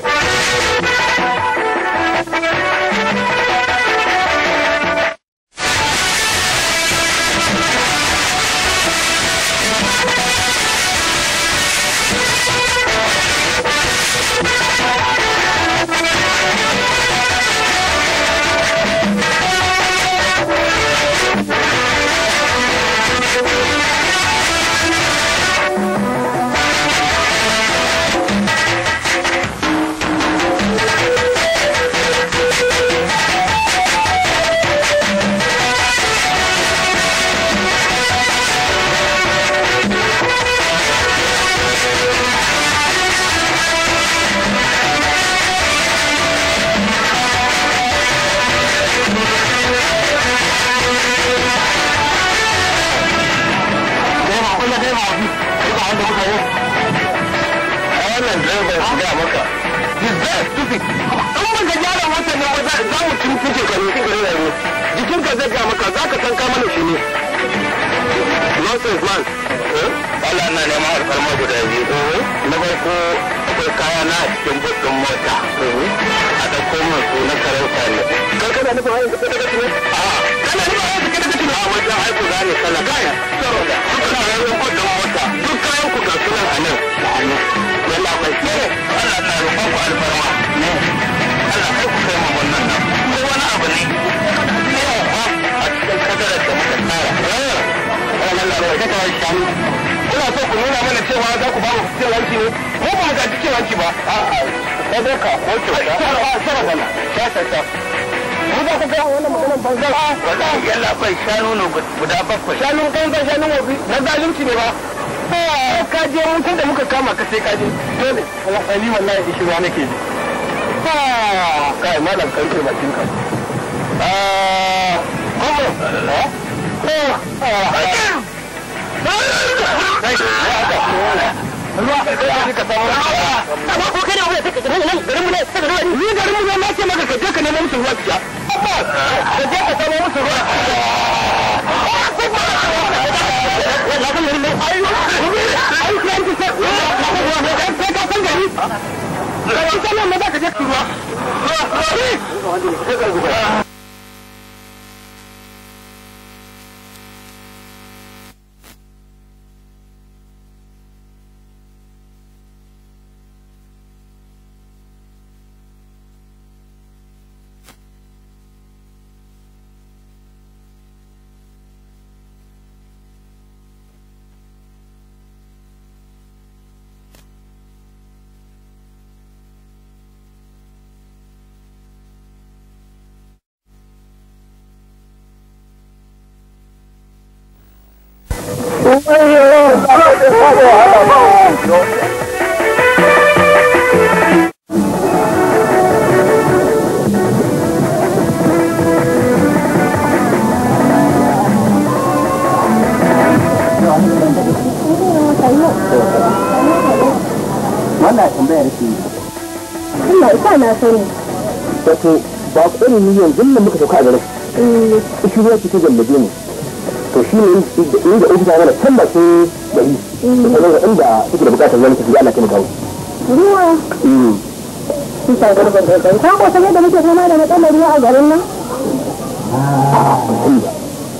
Thank you. na sani wato ba ƙwarin ni yanzu nan muka sauka a garin eh. ishi ruwa ce ta gallabe ne to shi ne inda ofisa mana can ba sai gari mm. kamar da inda suke da bukatar zama tafiya ana taimaka musu ruwa Bisa mm. garban da ka kusa yadda muke fama da matsalar ruwa a garin nan?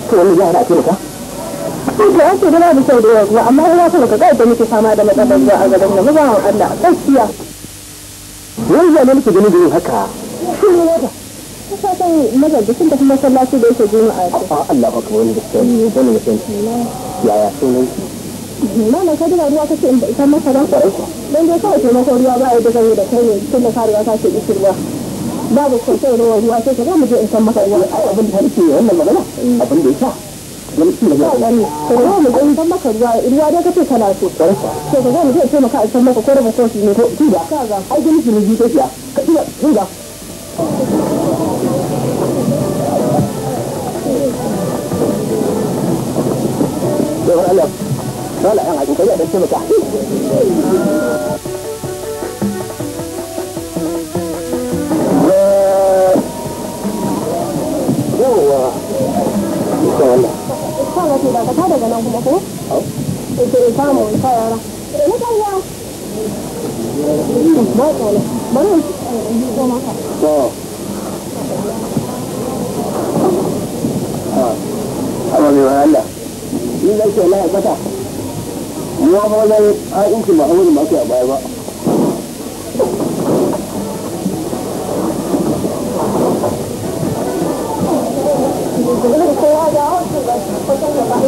To wani ya yara a taimaka? da yake da babu kyau da yau amma ina so ka ga da muke fama da matsalar ruwa a garin nan ba Allah gaskiya wani zane muke gani da yin haka shi ne wata kusa kan mazaji sun tafi masallaci da yake juma'a ce a Allah ba kuma wani gaskiya wani mutum yaya sunan ki mama ka duba ruwa kace in isa masa ran kwarai dan dai kawai taimakon ruwa ba yadda zan yi da kai ne tun da karuwa ka ce isirwa babu kwanciyar ruwa sai ka za mu je in san maka ruwa a abin da harke wannan magana mm. abin da ya sa mu ga maka ruwa ruwa dai kace kana so to ga mu je ce maka an san maka ko raba kofi da ka ina kin ga Allah, Allah, Allah, Allah, Allah, Allah, Allah, Allah, 声が聞いたら食べたなんかですねうちにサーモンサラダ入れたいよ前からね丸いそう أنا من هلا إذا كان لا بتاع ما هو لا يمكن ما هو ما كان بقى Thank you.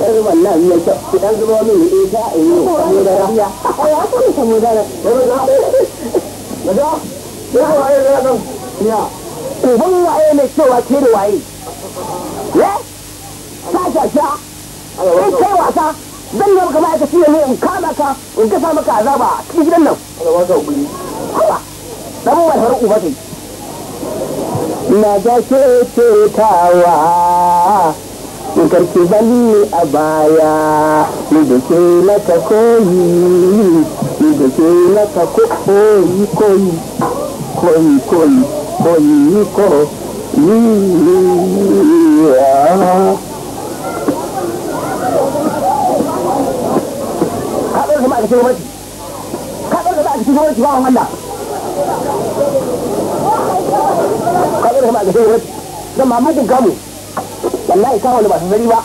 ɗan wallahi ya kyau ki ɗan zuba min in sha in yi samudara a ya kuma samudara maza ya waye ya ɗan ya uban waye mai cewa ke da waye ya sha sha sha in kai wasa zan yi maka ma'aikaci ne in kama ka in gasa maka azaba a cikin gidan nan. Hawa, ɗan wani har uba kai. Na ga ke ce tawa karki bani a baya ni da ke maka koyi da ke maka koyi koyi koyi koyi koyi ko ni koyi haɗar zama wallahi ka wani ba su zari ba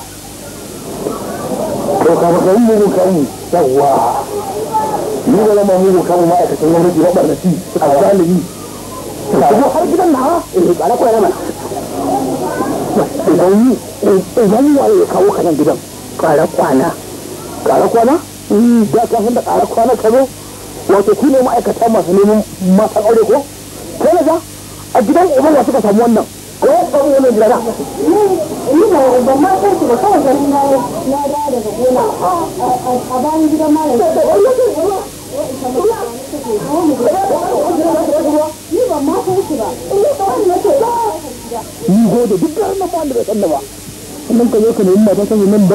to ka baka yi mugu kan yawa ni da zama mugu kan ma'aikatan gwamnati na barnati a zalimi ko har gidan na eh ba na koyar mana idan yi idan waye ya kawo kanan gidan ƙara kwana ƙara kwana hmm, ya kafin da ƙara kwana ka zo wato ku ne ma'aikata masu neman matan aure ko kai da a gidan uban wasu suka samu wannan ɗan wani gida ba. Ni da ba kawai na na da daga gona a bayan gidan malam. Da wani yake ruwa. ba. Ni ko da duk da san da ba. Sannan ka zo ka nemi mata sanin nan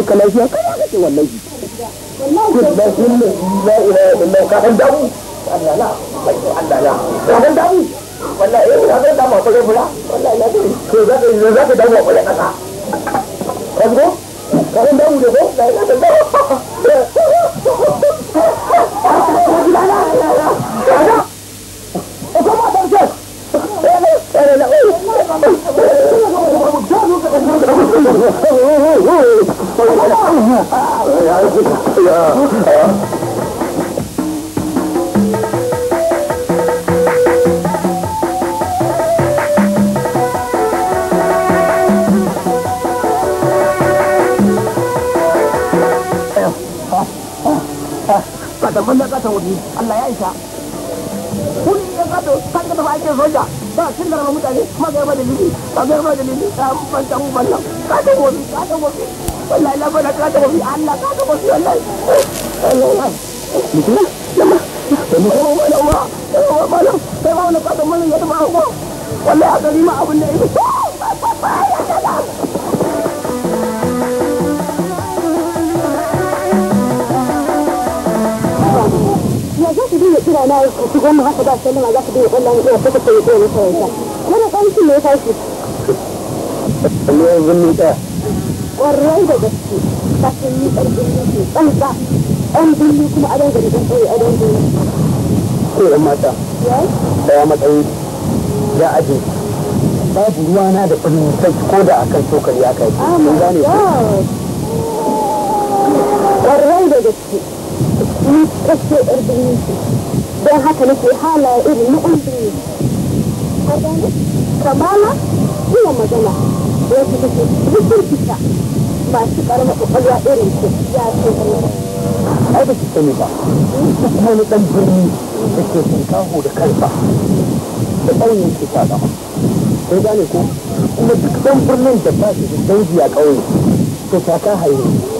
wallahi. la ilaha illallah ka san damu. Allah la, Allah la, ka wallahi eh na zai dama kwalle fura na zai to da ko da kasan banza kasan wuri Allah ya isa kuri ya kato kan ka tafi aikin soja ba sun da rama mutane ma ga yaba dalili ba ga yaba dalili ta ban ta mun ballan kasan wuri kasan wuri wallahi la bala kasan wuri Allah kasan wuri wallahi wallahi mutum lama mu ko ma wannan kasan ya tafi hawo wallahi a gari ma abin da yake da kira na su goma haka ba sallama za ka dinga kallon ya kuka ta yi tsoron sarauta wani kwanci ne ya tashi Allah zan nika ƙwarai da gaske ta sun yi ƙarfin yake tsantsa ɗan birni kuma adon gari ɗan ƙauye adon birni ko yan mata ɗaya matsayi ya aje babu ruwa na da birni sai ko da akan cokali aka yi kun gane ko ƙwarai da gaske ni kashe haka nake halaye irin na yan birni kamala ina magana wasu take masu karama kwakwalwa irin ya da kike ne ba dan da da da ƙauyen ke ta gaba gane ko kuma duk dan birnin da ba shi da a ƙauye to ta ka hayo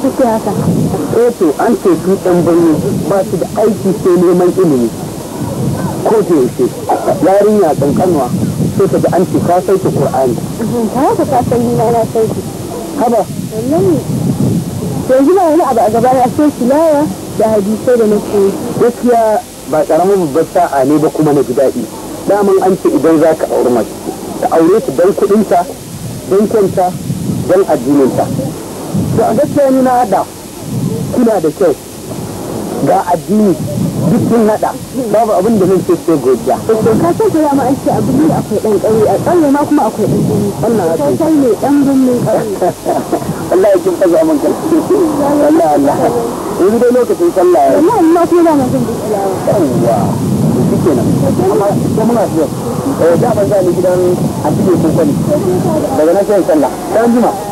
kuma suke haka an ce su ɗan birni ba su da aiki sai neman ilimi ko da yaushe yarinya kankanwa sai ta ga an ce ka sauke kur'ani. ka haka ka san ni na haba wannan yanzu ba wani abu a gaba ya sai tilawa da hadisai da nake gaskiya ba karamin babbar sa'a ne ba kuma na gidaɗi daman an ce idan za ka auri mace ka aure ta don kuɗinta don kwanta don addininta a gaskiya ni na hada kuna da kyau ga addini duk sun hada babu abin da zan ce sai godiya to ka san ko ya ma an ce abu akwai dan a ƙauye ma kuma akwai dan birni wannan ka sai ne dan kin kan Allah yanzu dai lokacin sallah ya wallahi ma kuma da mun kenan amma na so eh da ban gidan a cikin kun sani daga nan sai sallah dan juma'a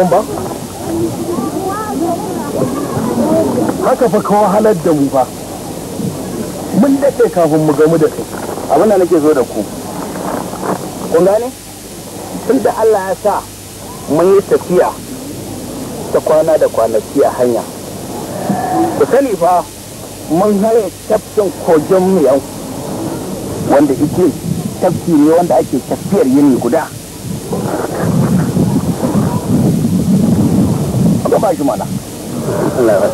abin haka fa kawo halar da mu fa mun daɗe kafin mu gamu da kai abinda nake zo da ku kun gane tun da allah ya sa mun yi tafiya ta kwana da kwanaki a hanya ku sani fa mun haye tafkin kogin yau, wanda ike tafki ne wanda ake tafiyar yini guda ka ba shi mana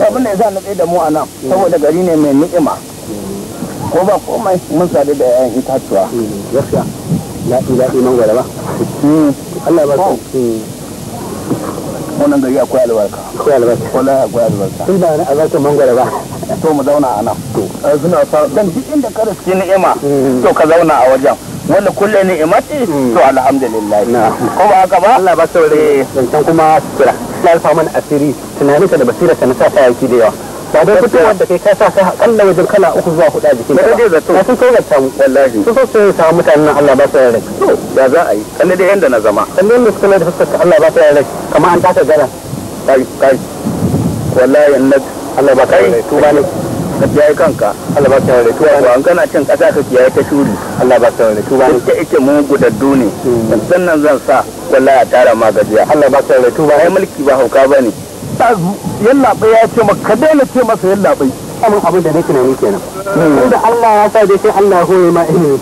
abin da ya sa na tsaye da mu a nan saboda gari ne mai ni'ima ko ba komai mun sadu da 'ya'yan itatuwa gaskiya daɗi daɗi mangwara ba hmm. Allah ba su oh. hmm. wannan gari akwai albarka akwai albarka akwai albarka ba to mu zauna a nan eh, suna fara dan duk inda ka ni'ima hmm. to ka zauna a wajen wanda kulle ni'imati to alhamdulillah ko ba haka ba Allah ba eh. kuma ya rufa mana asiri tunaninka da basirarka na sa ki da yawa ba dai fitowar da kai ka sa sai kalla wajen kala uku zuwa hudu a jikin ka ba sun kai ta wallahi su so su mutanen Allah ba su to ya za a yi kalle yanda na zama kalle yanda suka da fuskar Allah ba su yarda kamar an taka gara kai kai wallahi Allah ba ne ka ya kanka Allah ba ta da tuwa ko an kana cin kasa ka kiyaye ta shuri Allah ba ta da tuwa ita ita mun gudaddu ne sannan zan sa kwalla a tara ma gajiya Allah ba ta da tuwa ai mulki ba hauka bane yalla bai ya ce maka daina ce masa yalla bai abin da nake tunani kenan inda hmm. Allah ya sa dai sai Allah ya ma ilimi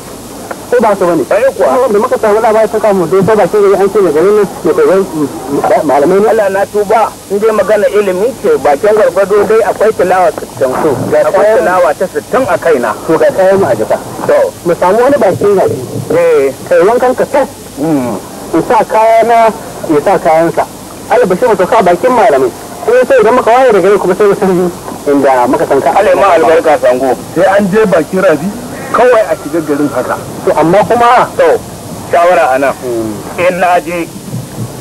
ko ba su bane eh kuwa da muka samu labari ta kamu dai sai ba ke gari an ce daga nan ne ko malamai ne Allah na tuba in dai magana ilimi ce bakin gargado dai akwai tilawa 60 to ga akwai tilawa ta 60 a kaina to ga kayan mu a jika to mu samu wani bakin gari eh kai wankan ka tas in hmm. sa kayana ya sa kayansa albashi mu ka bakin malamai sai sai idan muka waye daga kuma sai mu san inda muka san ka Allah ma albarka sango sai an je bakin rabi kawai a shiga garin haka to amma kuma to shawara ana. Hmm. in na je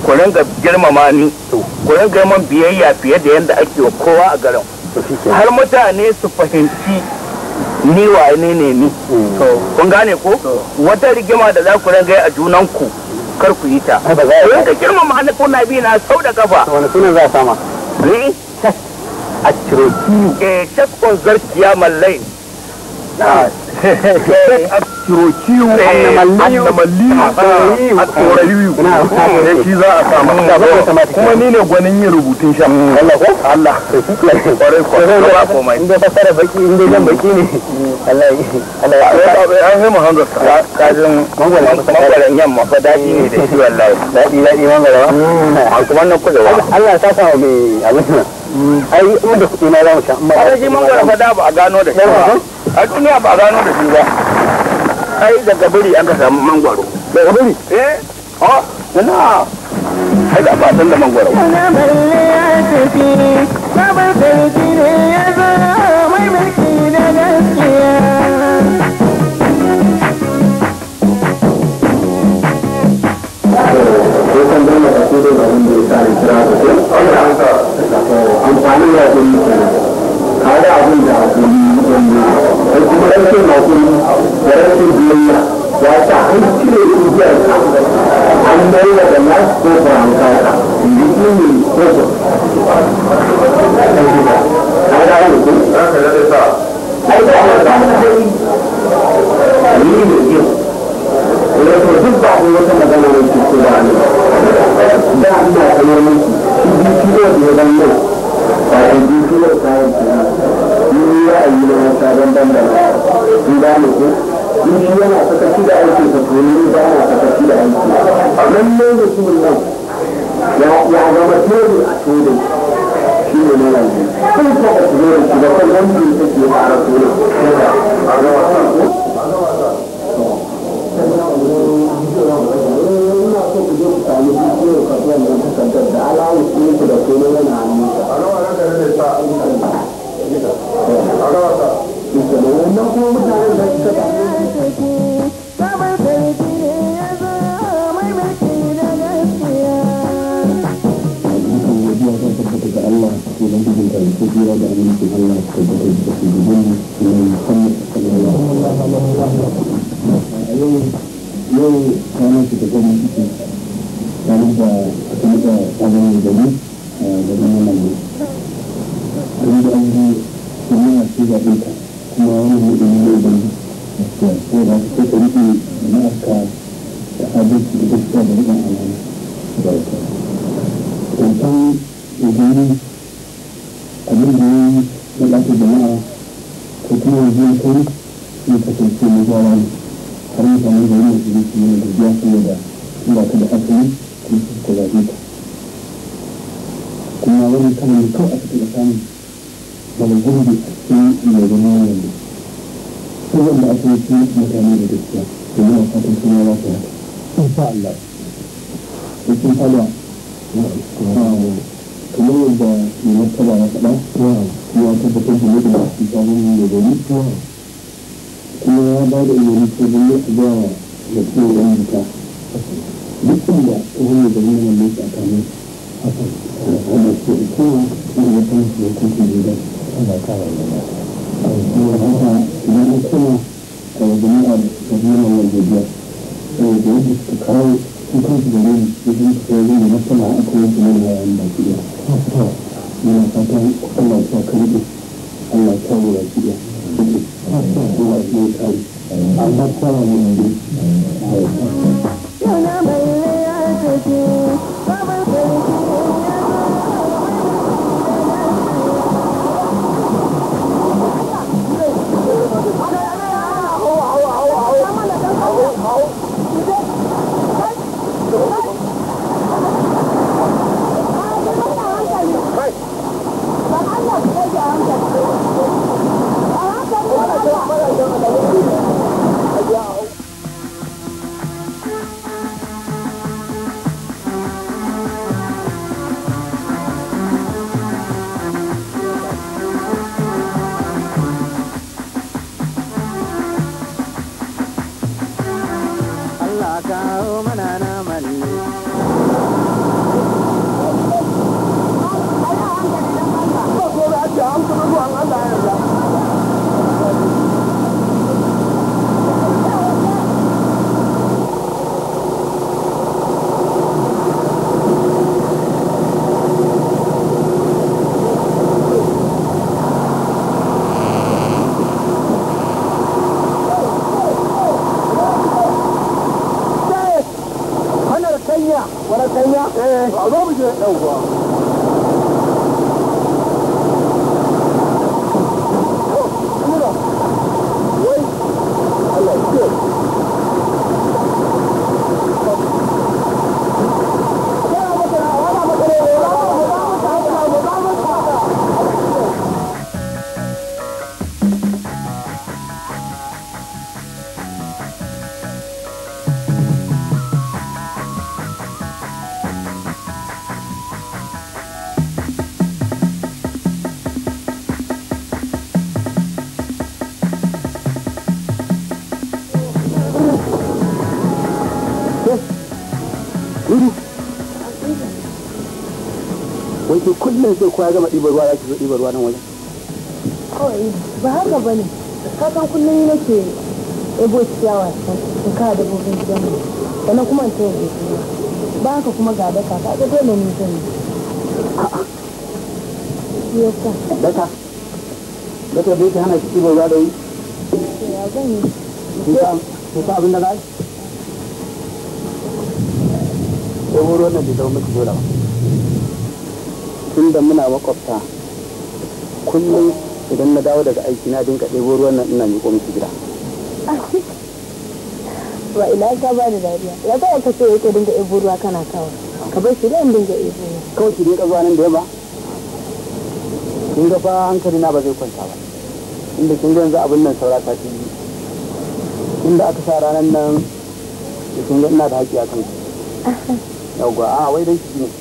ku ringa girmama ni ku ringa man biyayya fiye da yanda ake wa kowa a garin har mutane su fahimci ni wa ne ne ni hmm. kun gane ko wata rigima da za ku ringa a ku. kar ku yi ta ringa girmama hannu na bi na sau da kafa wani sunan za a sama a ciro eh shakon zarkiya mallai kirokiyu annamalliyu a tsorariyu da shi za a samu kuma ni ne gwanin yin rubutun sha Allah ko Allah kwarai kwarai ba komai inda fasara baki inda jan baki ne Allah Allah ya an yi muhammad ka kajin mangwaran yamma fa dadi ne da shi wallahi dadi dadi mangwaran a kuma nan kuɗa Allah ta samu mai abin ai in da kuɗi na za mu sha amma ai shi mangwara fa ba a gano da shi ba a duniya ba a gano da shi ba ai daga biri an ka samu mangwaro daga biri eh oh na ai da ba san da mangwaro na balle ya tafi baban sarki ne ya zama mai mulki na gaskiya Thank Thank you. sai sai ko gama ɗibar ruwa ya ki zo ɗibar ruwa nan wajen kawai ba haka ba ne kakan kullum yi nake ebo ciyawa ta ka da bobin ciyawa sannan kuma in tayar da ba haka kuma ga daka ka ga dole ne zan yi a'a daka daka bai ta hana ki ɗibar ruwa da yi ki sa abin da za ki ɗebo ruwan nan bai zama miki dole ba tun da muna makwabta kullum idan na dawo daga aiki na dinka ɗebo ruwan nan ina miƙo miki gida ba ina ka ba da dariya ya ba ka ce yake dinga ɗebo ruwa kana kawo ka bar shi dan dinga ɗebo kawai ki dinka zuwa nan da yamma kin ga fa hankali na ba zai kwanta ba inda kin ga yanzu abin nan saura ta yi inda aka sa ranar nan kin ga ina da haƙƙi a kan yawwa a wai dai shi ne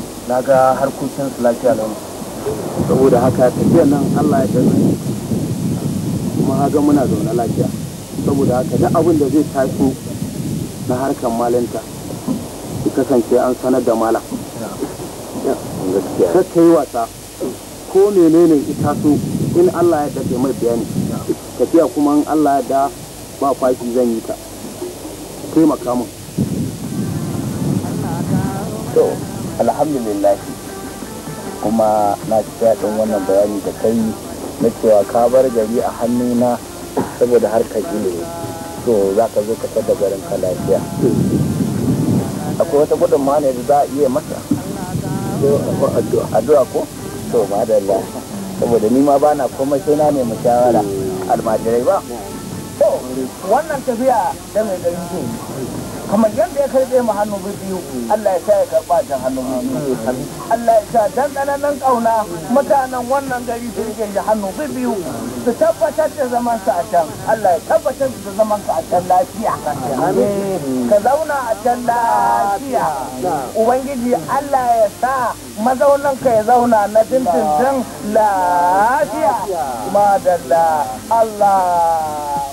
na ga harkokin su lafiya lau saboda haka tafiya nan allah ya dami kuma haka muna zaune lafiya saboda haka duk abin da zai taso na harkar malinta su kasance an sanar da malam ta yi wasa ko menene ita so in allah ya dafe mai bayani tafiya kuma allah ya da ba fashi zan yi ta taimaka min alhamdulillah kuma na ci daɗin wannan bayani da kai na cewa ka bar gari a hannuna saboda harkar ilimi to za ka zo ka da garin ka lafiya akwai wata ma ne da za a iya masa addu'a ko to madalla saboda ni ma bana komai sai na nemi shawara almajirai ba wannan tafiya da mai gari kamar yadda ya karbe mu hannu biyu Allah ya sa ya karɓa can hannu biyu Allah ya sa dan ƙananan ƙauna mutanen wannan gari su rike da hannu biyu su tabbatar da zaman su a can Allah ya tabbatar da zaman su a can lafiya ka zauna a can lafiya ubangiji Allah ya sa mazaunan ka ya zauna na dindindin lafiya madalla Allah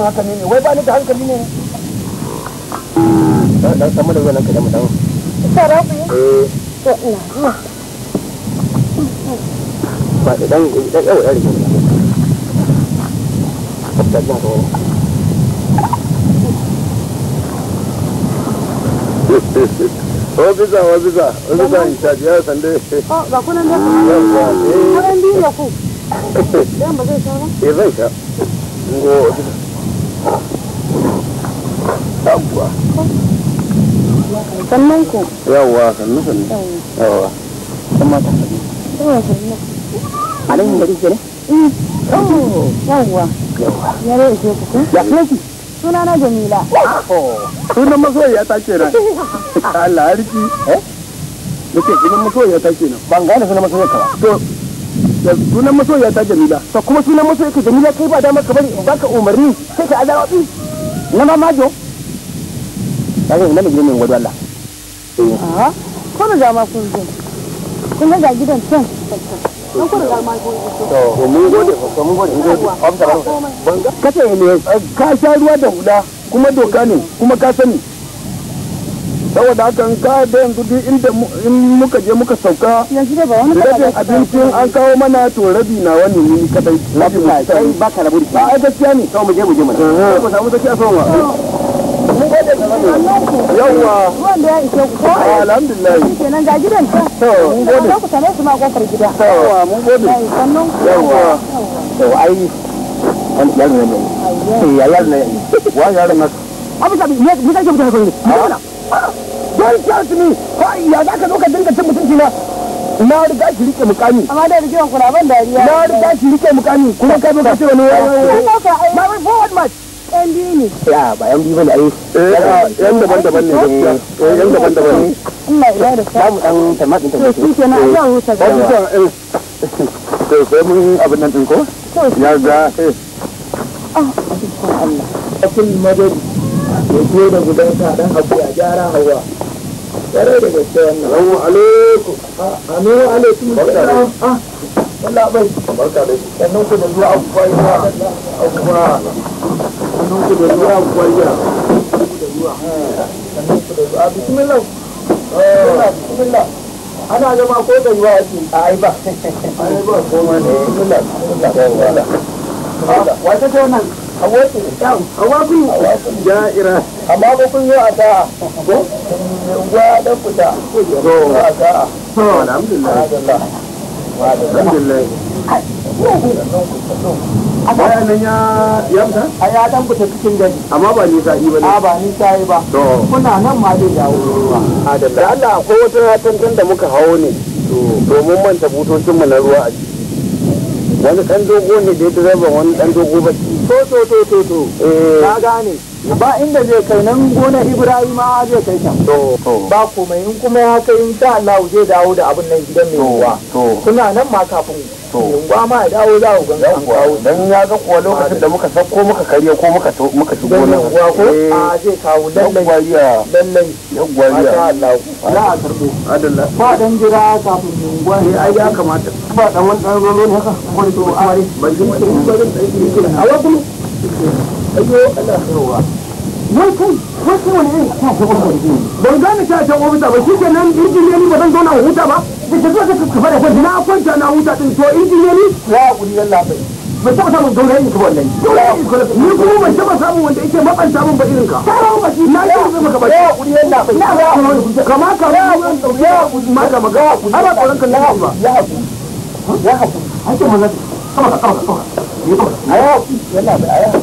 mun haka ne wai ba ni da hankali ne dan samu da wannan mu dan tsara ku eh to ba da dan dan yau da rike ta oh, ga ko ita sande. ba kunan da eh. Karan biyu ku. ba zai sha ba? Eh zai sha. Ngo, sannan ku yawwa yawwa yawwa gari mm. oh, yawwa ya rai ce ku ya kuma suna na sunan masoyiya ta ke nan Allah eh? sunan ta ke nan ban sunan to da kuma sunan masoyiya ka jamila kai ba damar ka bari ba baka umarni sai ka azawa na ma majo mai gwado ko da ma kun zo kun ga gidan can an ma kun zo to mun gode mun gode mun gode banga ne ka sha ruwa da huda kuma doka ne kuma ka sani saboda haka in ka da yanzu duk inda in muka muka sauka abincin an kawo mana to rabi na wani ni kadai rabi ba ka rabu gaskiya ne to mu je mu je mu samu yawwa ya ishe ku alhamdulillah kenan ga gidan ta mun gode ku su ma kofar gida mun gode sannan to ai an ne ne wa ne abu sabi don me ko ya za ka zo ka dinga cin mutunci na na riga shi rike mukami amma da rike dariya na riga shi rike mukami kuma ka ce ba wai forward match yan biyu ne ya ba yan biyu bane ai eh, eh, yan daban daban ne gaskiya eh, yan daban daban ne Allah ya da sa mu dan tamatin tamatin to shi kenan Allah ya sa to sai mun abin nan din ko ya ga eh ah Allah kafin madadi ya je da gudan sa dan abu ya gyara hawa yare da gaske wannan assalamu alaikum ah, amin alaikum assalam ah Allah bai barka da shi sannan ku da zuwa abubuwa abubuwa sannan da zuwa gwaliya bismillah ana zama ko da ruwa ake a ai ba ba ko ma ne bismillah bismillah wata ta a ko alhamdulillah alhamdulillah alhamdulillah bayan nan ya ya fita a ya dan fita cikin gari amma ba ni sa'i ba ne a ba ni sa'i ba kuna nan ma dai dawo ruwa a da Allah akwai wata ratantan da muka hawo ne domin manta butocin mu na ruwa a ciki wani dan dogo ne da ya wani dan dogo ba to to to to to eh. na gane ba inda zai kai nan gonar ibrahima zai kai can ba komai in kuma ya kai in insha Allahu, zai dawo da abin nan gidan mai ruwa kuna nan ma kafin yunwa ma ya dawo za ku ganga an kawo dan ya ga kuwa lokacin da muka sako muka karya ko muka muka shigo nan yunwa ko eh. a ah, zai kawo lallai lallai yunwa ya Allah za a karbo adalla ba dan jira kafin yunwa eh ai ya kamata ba dan wani dan rolo ne haka ko to a ban ji ba a wasu ayo Allah yarwa wai kai wai kai wani irin ta ce ofisa ne ban gane ta ce ofisa ba shi kenan injiniyari ba zan zauna huta ba da ke zuwa ka fara da kwanci na kwanta na huta din to injiniyari ya wuri yalla bai ban taɓa samun gaurayen ka wannan gaurayen ka ni kuma ban taɓa samun wanda yake mabanta min ba irin ka na yi wuri maka bai ya wuri yalla bai na ga kama ka ya wuri ya wuri ma ga maga ana tsoron ka ya ba ya hakuri ya hakuri ake maza kama ka kama ka kama yalla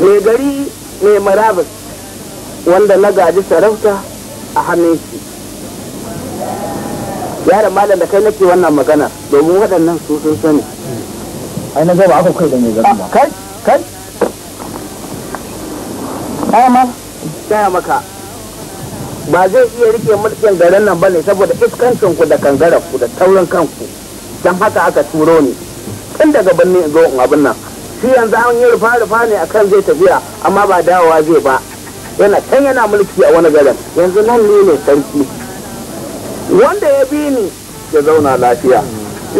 mai gari mai marabas wanda na gaji sarauta a hannun shi yaran malam da kai nake wannan magana domin waɗannan su sun sani ai na gaba aka kai da mai gari ba ah, kai kai ai ma maka ba zai iya rike mulkin garin nan bane saboda iskancin ku da kangarar ku da taurin kanku don haka aka turo ni tun daga birnin zo abin nan shi yanzu an yi rufa rufa ne akan zai tafiya amma ba dawowa zai ba yana can yana mulki a wani garin yanzu nan ne ne sarki wanda ya bi ni ya zauna lafiya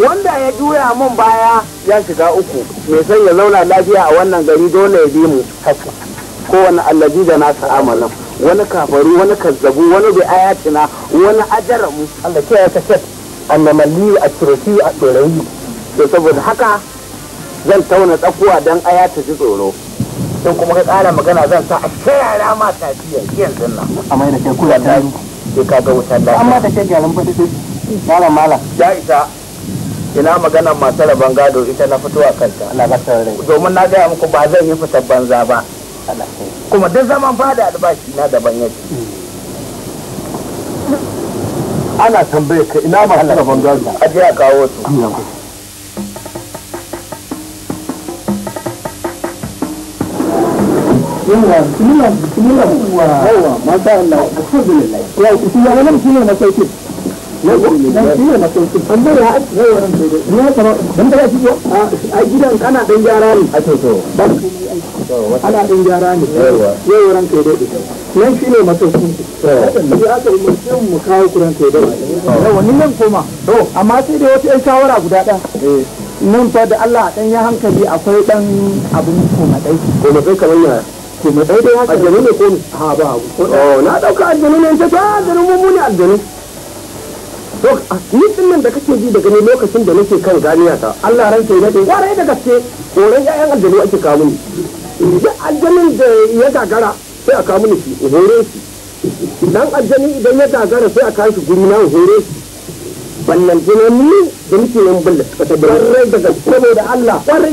wanda ya juya mun baya ya shiga uku mai san ya zauna lafiya a wannan gari dole ya bi mu haka kowane allaji da nasa amalin wani kafaru wani kazzabu wani bai ayatina wani ajaramu Allah ke ya kashe annamalli a turaki a tsorayi to saboda haka zan tauna tsakuwa don aya ta ji tsoro in kuma ka ƙara magana zan sa a yara ma tafiya yanzu nan amma da shekula ta yi sai ka ga wutar lafiya amma da kai gyaran fadi dai malam malam ya isa ina magana masu rabon gado ita na fito a kanta ana ba ta rai domin na gaya muku ba zan yi fitar banza ba kuma duk zaman da albashi na daban yake ana tambaye ka ina masu rabon gado aje a kawo su yawa bismillah bismillah yawa masha Allah alhamdulillah ya shi ya wannan shine na sauki a gidan ana dan gyara ne a toto ana dan gyara ne yau ran kai daɗi nan shi ne masauki aka yi mutum mu kawo kuran kai daɗi yawa ni nan koma amma sai da wata yan shawara guda ɗan eh. nan fa da Allah a ɗan ya hankali akwai ɗan abin koma ɗai koma kamar yaya to mai ɗaya haka aljanu ne ko ha ba oh na ɗauka aljanu ne ta ta aljanu mummuni aljanu to ni dinnan da kake ji daga ne lokacin da nake kan ganiya ta Allah ran sai dade kwarai da gaske koran ƴaƴan aljanu ake kawo ni duk aljanun da ya gagara sai a kawo ni shi hore shi dan aljanu idan ya gagara sai a kawo shi guri na hore shi wannan jinani da nake yin bulla ta da gaske da Allah kwarai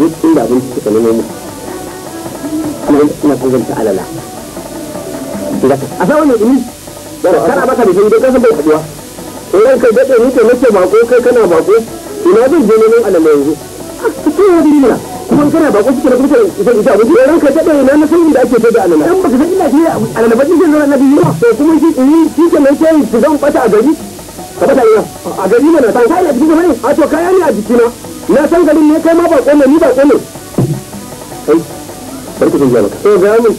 abinci inda abinci suka nemo mu kuma ina son zan ta alala a sa wannan ɗumi kana baka da shi dai kasan bai haɗuwa idan kai daɗe ni ke nake bako kai kana bako ina zan je neman alala yanzu a cikin wani nuna kuma kana bako cikin kuma ita ita abinci idan kai daɗe ina na sanin da ake ce da alala dan baka san ina ce alala ba cikin na biyu ba to kuma shi ɗumi shi ke nan sai zan bata a gari ka bata ina a gari mana ta kai a cikin wani a to kaya ne a jikina na san garin ne kai ma ba ne ni ba ne kai bari ku san jiya maka eh ga mun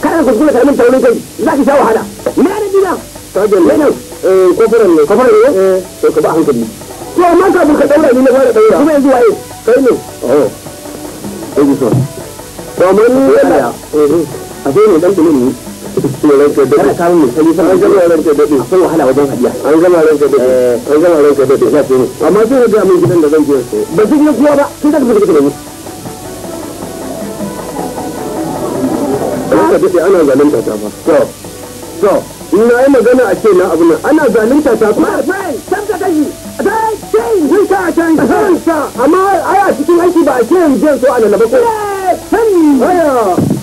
kada ku gura kai mun taurin kai za ki sha wahala me ne dina ta ga ne nan eh kofaran ne kofaran ne eh to ka ba hankali to amma ka burka daura ni na fara daura kuma yanzu waye kai ne oh kai so to ni ne ya eh, eh. a dole ne dan tulun ne kuma ranka da ana kawo misali sai an gama ranka wahala wajen hadiya an gama ranka an gama ranka da ya ce amma sai da mun gidan da zan je ba zai yi kuwa ba sai da kike da ranka dade ana zalunta ta fa to to ina yi magana a ce na abu nan ana zalunta ta kuma sai ka sai sai hinka a can kansa amma ai a cikin aiki ba a ce yanzu a ana laba ko sai haya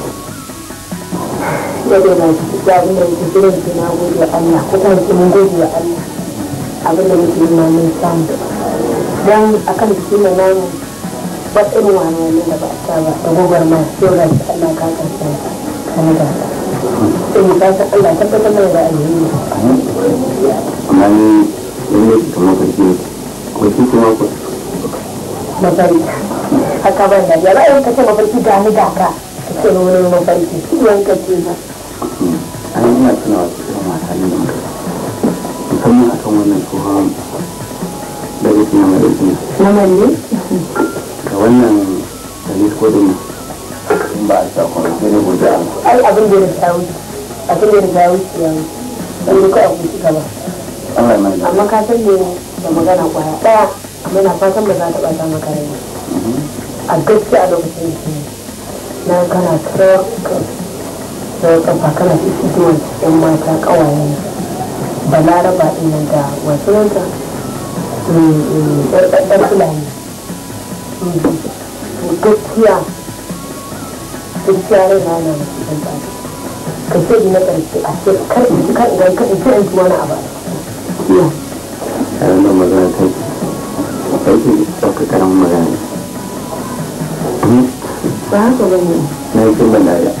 saboda da su da abin da muke zuwa a na gode wa Allah ko kuma su gode wa Allah abin da muke yi mun samu dan akan biki mai namu ba yi wani ne da ba ta ba da gobar ma sai ga Allah ka karsa kana da sai ka san Allah tabbatar mana da alheri amma ni ne kamar kake ko shi kuma ko mafarki haka ban da ya ra'ayin kace mafarki ga ni ga ka kace wani mafarki yanka ce ba ina tuna wasu irin mata ne da muka musamman a kan wannan tsohon da ya tuna mai ɗauki na malle da wannan talis kodin ba a sa kwanan sai ne gobe a ai abin da ya ta wuce abin da ya ta wuce ya wuce don duka a kuci gaba amma za ta ɓata maka a gaskiya a lokacin na sau ka kana fitowa yan mata na balaraba ina da wasu yanka mm, mm, ɗarɗar fulani mm, gaskiya gaskiya rai na masu ɗan ɗan ka ce na ƙarfi a ce kar in kar ka kar in ce abu ya ɗan magana ta ce ta ɗauka karamin magana ba haka ba ne na yi kin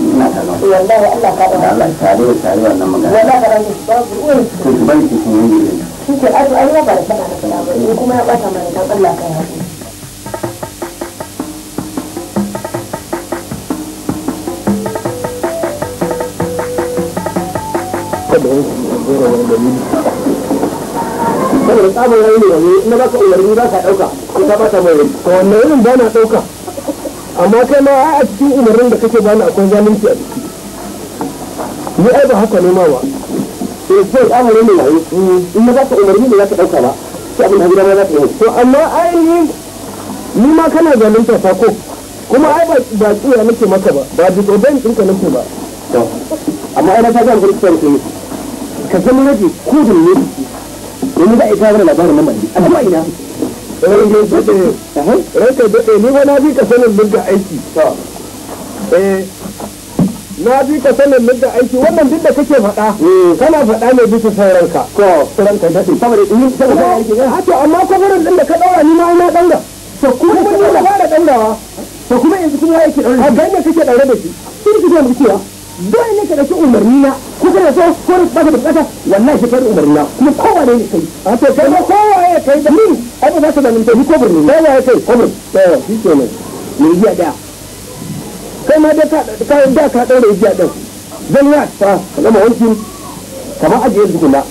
magana ta zama wallahi Allah ka da Allah tare da tare ka da da da ya ka saboda tsabar rai ne yanzu na baka umarni ba ka dauka ko ka bata mai rai to wannan ba na dauka amma kai ma a cikin umarnin da kake bani akwai zalunci a ciki ni ai ba haka nema ba to eh, sai amarin ne yayi in ma za ka umarni ne za ka dauka ba sai abin hajira ma za ka yi to amma ai ni ni ma kana zalunta ta ko kuma ai ba ba tsiya nake maka ba ba duk odan din ka nake ba to amma ai na ta ga gurbin ke ka zama ne kudin ne ne da ita wannan labarin nan ba amma ina wani ne daɗe ranka daɗe ni ba na bi ka sanin mudda aiki na bi ka sanin mudda aiki wannan duk da kake faɗa kana faɗa ne bisa sauranka ranka daɗe saboda ɗin saboda aiki ne hato amma ɗin da ka ɗaura ni ma ina ɗaura to kuma ka da fara ɗaurawa to kuma yanzu kuma aiki ɗaure a ganin kake ɗaure da shi sun fi zan cewa dole ne ka ɗauki umarni na kusa da so ko da ba da bukata wallahi shi kai umarni na kuma kowa ne kai a to kai kowa ya kai da ni ai ba ta da mun ko burni kowa ya kai ko burni to shi ke ne ne iya da kai ma da ka ka da ka daura iya da zan ya ta ma wanki kamar ajiye zukuna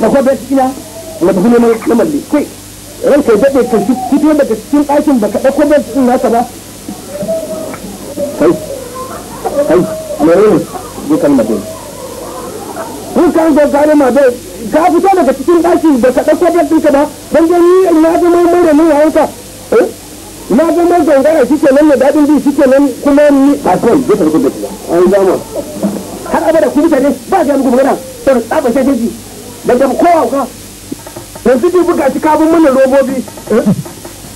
da ko da kina na ne na malli. kai ran kai daɗe ka fito daga cikin ɗakin baka ɗauko da cikin nasa ba kai kai mai ne zai kalmar kan kan gane ma bai ka fito daga cikin ɗaki da ka dauko black ba dan dan ni na zama mai mai da nuna yanka eh? na ga mai gangara shi nan da daɗin bi shi nan kuma ni a kai zai tafi da shi an zama har abada ku mutane ba ga muku magana to tsaba sai daji da ga kowa ka yanzu buga shi kabin mana robobi eh?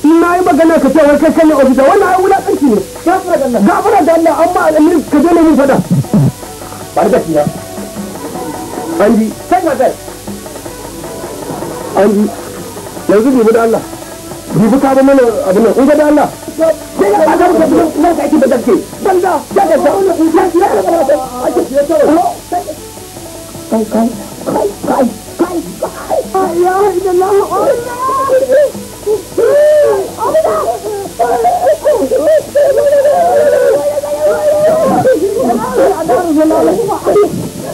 in na yi magana ka ce wai kai kan ofisa wannan ai wulakanci ne gafara da Allah gafara da Allah amma al'amir ka je ne mun fada ba da an ji take my best an ji yanzu dubu da Allah dubu ka mana abin nan in ga da Allah sai ka ka ka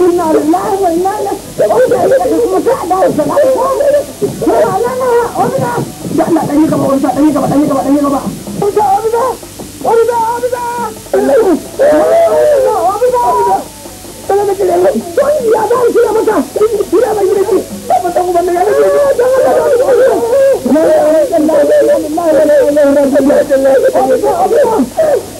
inna lillahi wa inna da kuma sai da shi da ko ko ala na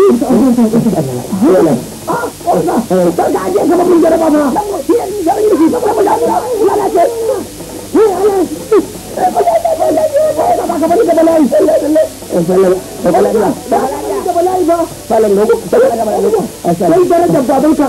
Sai darajar babanka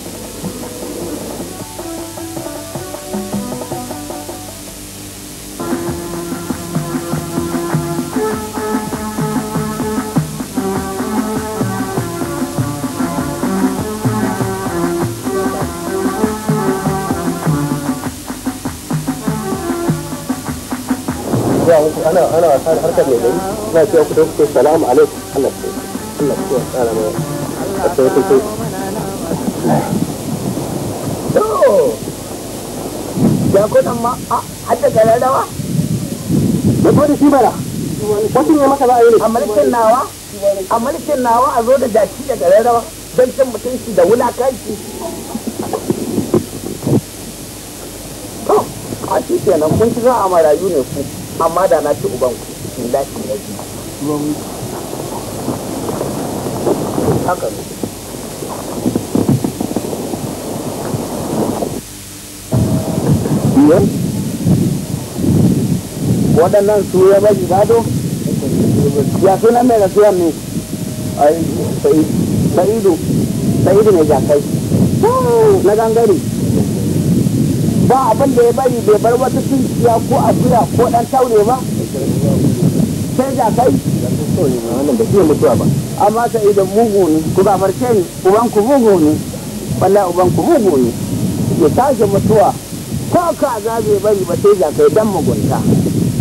wasu ana ana wasa da harkar mai gari na cewa ku dauke salamu alaikum Allah ku Allah ku a sauƙin ku ma a hadda galar rawa ya shi bara wasu ne maka a yi a nawa a a zo da jaki da da a shi kenan kun ci za a marayu ne ku amma da na ci uban ku billahi na ji haka ne biyan waɗannan su ya bari gado ya sunan mai rasuwan ne sa'idu sa'idu mai jakai na gangare ba abin da ya bari bai bar wata tunciya ko akuya ko dan taure ba sai da kai amma sai idan mugu ne ku ba farce ne uban ku mugu ne wallahi uban ku mugu ne ya tashi mutuwa ko ka za bai bari ba sai da kai dan mugunta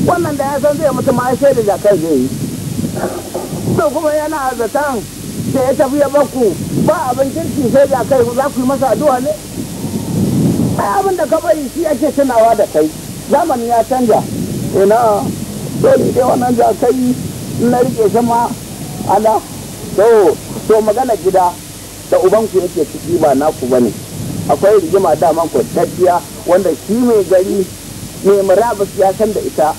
wannan da ya san zai mutu ma sai da kai zai yi to kuma yana azatan sai ya tafi ya baku ba abin kirki sai da kai za ku yi masa addu'a ne ai abin da ka yi shi ake tunawa da kai zamani ya canja ina dole dai wannan da kai na rike shi ma ala to to magana gida da ubanku yake ciki ba naku bane akwai rigima daman tafiya wanda shi mai gari mai murabus ya san da ita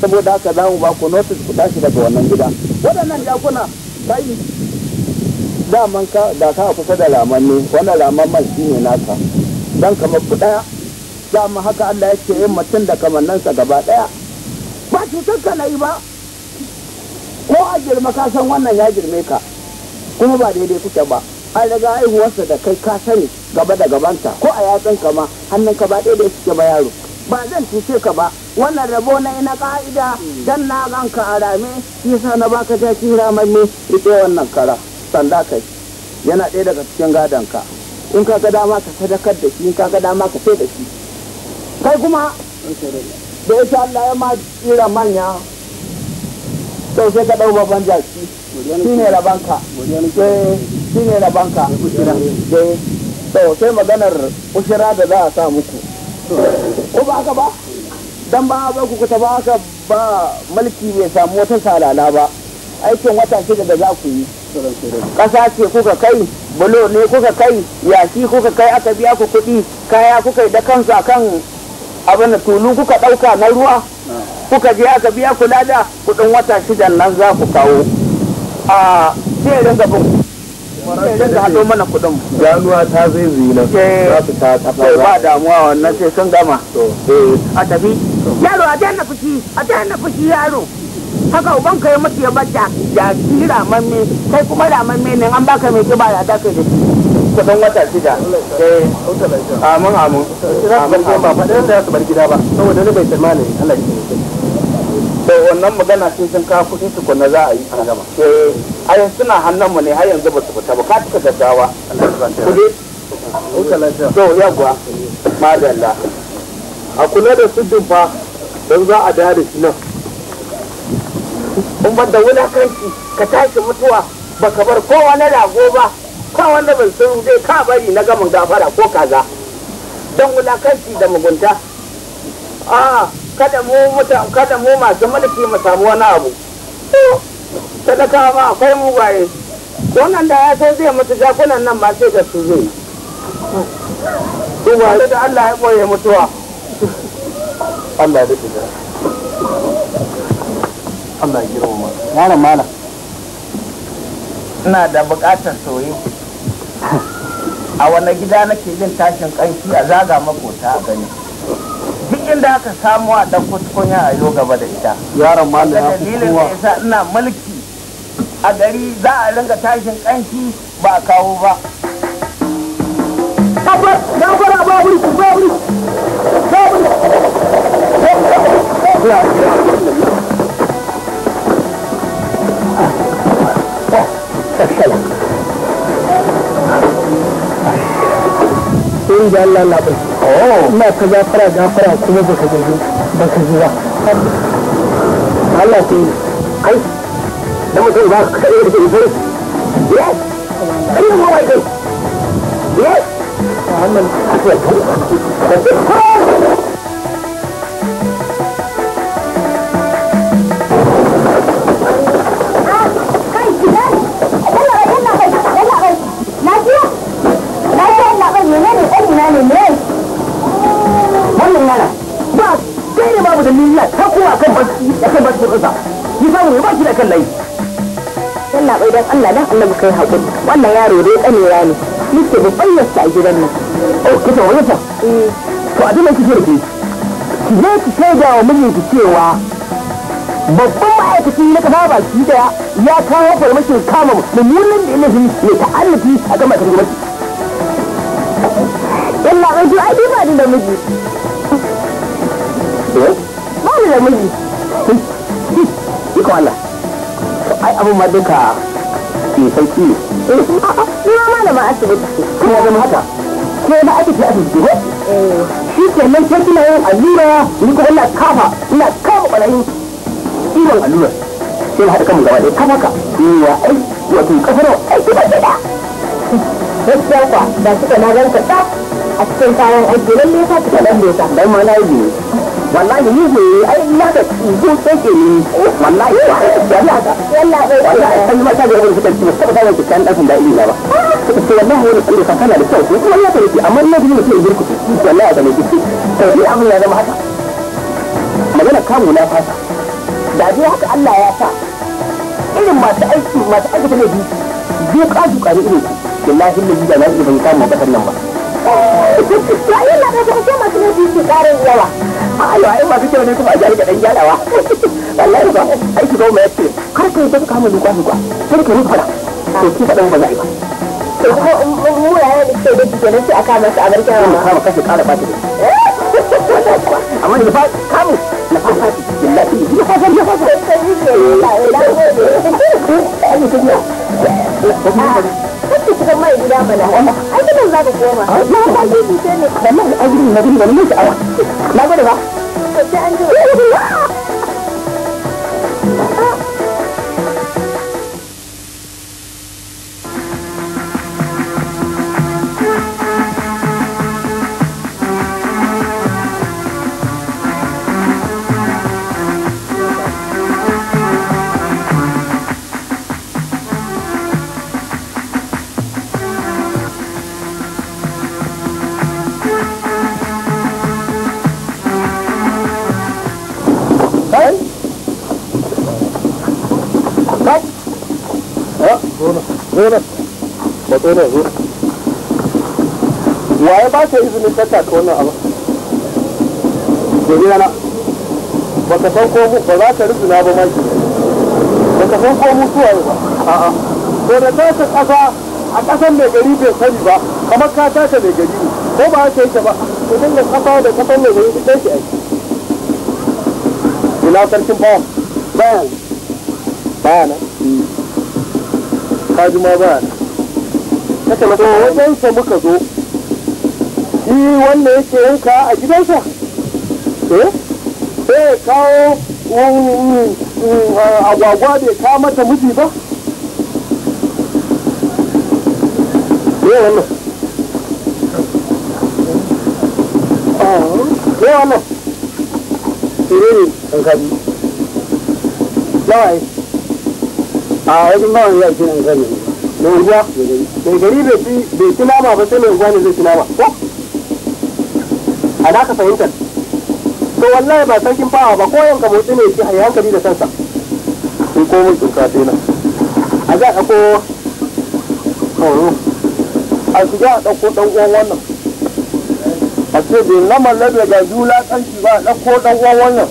saboda haka za mu ba ku notice ku tashi daga wannan gida waɗannan yakuna kai daman ka da ka kusa da lamanni wannan laman man shi ne naka dan kamar ku daya dama haka Allah ya ce yin mutum da kamannansa gaba daya ba cutar ka na yi ba ko a girma ka san wannan ya girme ka kuma ba daidai kuke ba an daga haihuwarsa da kai ka sani gaba da gabanta ko a yatsan ka ma hannun ka ba daidai suke ba yaro ba zan cuce ka ba wannan rabo na ina ka'ida dan na ganka a rame yasa na baka ta jaki ramamme ita wannan kara sanda kai yana ɗaya daga cikin gadon ka in ka ga dama ka sadakar da shi in ka ga dama ka sai da shi kai kuma da sha Allah ya ma tsira manya sau sai ka ɗau babban jaki shi ne rabanka eh, shi ne rabanka sau eh, sai maganar ushira da za a sa muku ko ba haka ba dan ba ba ku ta ba haka ba mulki bai samu wata salala ba aikin wata shida da za ku yi ƙasa ce kuka kai bulo ne kuka kai yashi kuka kai aka biya ku kuɗi kaya kuka yi da kansu kan abin da tulu kuka ɗauka na ruwa kuka je aka biya ku lada kuɗin wata shidan nan za ku kawo a sai ringa bin da haɗo mana kuɗin ganuwa ta zai zuyi nan eh. za su ta ƙasa eh, ba damuwa wannan sai sun gama eh. a tafi yaro a ta fushi a ta fushi yaro haka uban ka yi mutu ya bata ya ji ramamme kai kuma ramamme ne an baka mai kiba ya daka da shi kusan wata shida eh amin amin amin ba faɗin da su bar gida ba saboda ni bai tsammani Allah da wannan magana sun sun kawo kuɗin su na za a yi a gama eh ayin suna hannunmu ne har yanzu ba su fita ba ka tuka gaggawa kuɗi to yagwa madalla a kula da su fa don za a dare shi nan umar da wulakanci ka tashi mutuwa ba ka bar kowa na rago ba ka wanda ban san zai ka bari na gamin gafara ko kaza don wulakanci da mugunta a kada mu muta kada mu masu mulki mu samu wani abu sadaka ma akwai mugaye wannan da ya san zai mutu jakunan nan ma sai da su zai Duba da Allah ya boye mutuwa. Allah ya dace Allah ya girma malam ina da bukatar soye a wani gida nake jin tashin kanki a zaga makota a gani duk inda aka samu a dan kutukunya a yau gaba da ita yaron malam ya fi dalilin da dalilin ina mulki a gari za a ringa tashin kanki ba a kawo ba السلام in ji Allah na ina ta zafara zafara kuma baka gaji baka ji ba Allah ku kai da mutum ba ka kai da ibrahim yes kai mu wai dai yes Muhammad masa ki samu ba shi da kan layi Allah bai dan Allah dan Allah kai hakuri wannan yaro dai kanewa ne nake babban yasta a gidan nan oh kike wani ta eh. to a dole kike rufe ki ne ki sai shaida mun ki cewa babban ma'aikaci na ba shi da ya kawo farmashin kama mummunan da ilimi mai ta'annafi a kan matan gwamnati. Yalla mai ji ai ba da namiji. Eh? Ba da namiji. ikon Allah ai abun ma duka ke sauki eh, ne ma malama asibiti ko kuma zama haka ke ba ake fiye asibiti ko eh. shi ke nan sai kina yin allura ni ko Allah kafa ina kafa barayin iwon allura sai haɗa kan gaba ɗaya kafa ka ya ai wato kafaro ai kuma gida gaskiya kwa da suka na ganka ta a cikin kayan aiki lalle ka fita dan dosa dan ma na yi biyu. wallahi ni ne ai na da ko take ni wallahi wallahi wallahi kai ma ta ga wani fitar ki saboda wani kan dafin da ilimi ba to wallahi wani kuri kan kana da kyau ko kuma ya tare ki amma na gidi mutum jirku da ne ki to ni abin ya zama haka magana kamu na fasa da haka Allah ya sa irin masu aiki masu aiki da laifi zai duka ne irin ki wallahi laifi da na iya ban kamu ba nan ba. Ya yi lafiya da kuma masu laifi su ƙarin yawa. ayo ai masu kyau ne kuma a jari dan gyarawa wallahi ba ai ki goma yace kar ka yadda ka duka duka sai ka rufa da to ki kaɗan ba zai ba to ko mu ya ke da kike sai aka masa a barkin ma kama kashi kara ba ta amma da fa kamu na fa fa fa fa ni kasu cikin mai gida bala ai za ka koma na ba zai cuce ne da mai na gudun da mun na ba sai an ji ƙona zo waye ba ta izini ta taka wannan abu gobe yana ba ka san ko ba za ta rizina ba maki ba ka san ko mutuwa ba a'a ko da ta ta ƙasa a kasan mai gari bai sani ba kamar ka taka mai gari ne ko ba ta yake ba ko dinga kasa da ƙasan mai gari duk yake aiki ina sarkin bawa bayan bayan ka ji ma na. to wajen sa muka zo shi wanda yake yanka a gidansa eh sai eh, kawo mm, mm, agwagwa bai kawo mata miji ba ne wannan ne wannan kabi a wajen ya kabi mai unguwa mai gari bai ci nama ba sai mai unguwa ne zai ci nama ko a da ka fahimtar to wallahi ba sarkin fawa ba ko yanka motsi ne ci a hankali da kansa sun ko mun tsuka sai nan a za a ɗauko tsoro a su a ɗauko ɗan uwan wannan a ce bai lamar na daga jula ƙarfi ba a ɗauko ɗan uwan wannan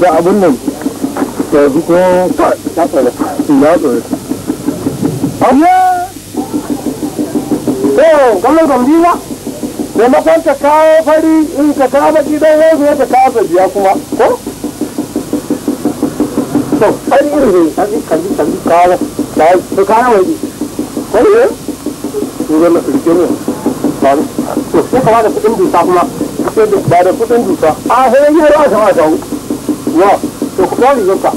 da abin nan ta ko ta tsare ta tsare kallon gambi ba maimakon ka kawo fari in ka kawo baki don wasu ya ta kawo sajiya kuma ko to fari irin ne kalli kalli kalli kawo da ta kawo wani ko ne ne ne na turke ne to sai kama da kudin dusa kuma ba da kudin dusa a hanyar yi ra'a sama da wa to ku kawo rigarka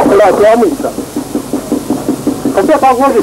Allah ya mu isa ka ce ka gode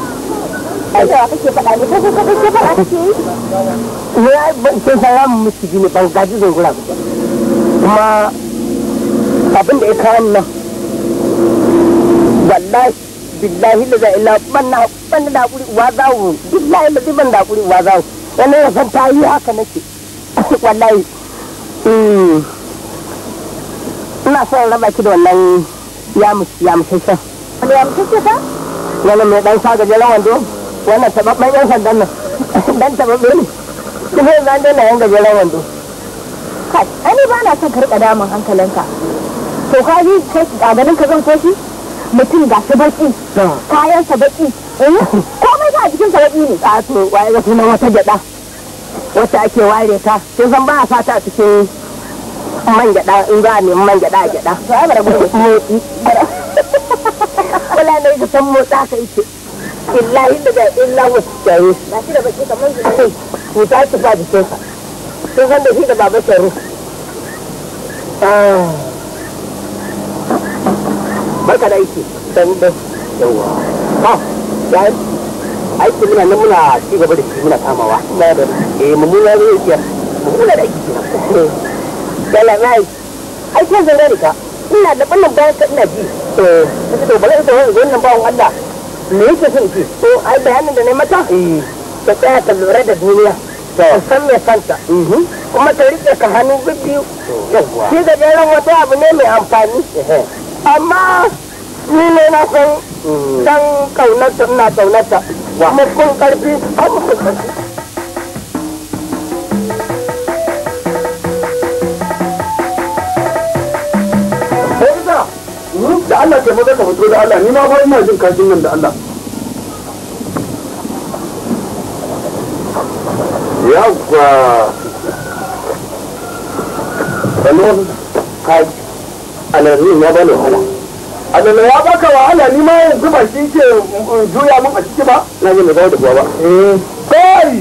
ai da kake faɗa ne ko ka kake faɗa kake yi ne ai ban san salamu miki ban gaji zungura kuma abin da ya kawo nan wallahi billahi da zai illa banna banna da kuri uwa zawo billahi da zai banna da kuri uwa zawo wani ya san ta yi haka nake wallahi ina son raba ki da wannan ya mushi ya mushi shan wani ya mushi shan wani mai dan sa gajeren wando wannan tababban yan sandan nan dan tababbe ne duk yanzu an daina yan gajeren wando kai ani ba na son karɓa damun hankalinka to ka ji a ganin ka zan koshi mutum ga shi baki kayan sa baki komai ga jikin sa baki ne a to waye ga sunan wata gyada wacce ake ware ta sai zan ba a fata a cikin man gyada in za a man gyada a gyada to ai bara gudu motsi kula ne ga san motsa ka ce. illahi da ga illa wasu jaye ba shi da baki kamar zuwa ku ta ci ba jikin sa sun san da shi da baba sharu ah. barka da aiki sani da yawa ha ah, ya aiki muna nan muna ci gaba da shi muna kamawa na da eh mummuna zai iya mummuna da aiki kenan eh. nai ai kin zanga ka ina da wannan bayan ka ina ji eh kace to bala ita wannan bawan Allah me yake so ce to ai bayanin da na mata eh. ta tsaya ta lura da duniya ta san me santa mhm. kuma ta rike ka hannu biyu shi da jeren wata abu ne mai amfani amma ni ne na san dan mm. kaunarta ina kaunarta kuma kun karfi har mutum Allah ke maza ka fito da Allah ni ma ba ina jin kashin nan da Allah ya kwa kamar ka alarri ya bani wahala alarri ya baka wahala ni ma yanzu ba shi ke juya mun a ciki ba na yi mai da kuwa ba eh. kai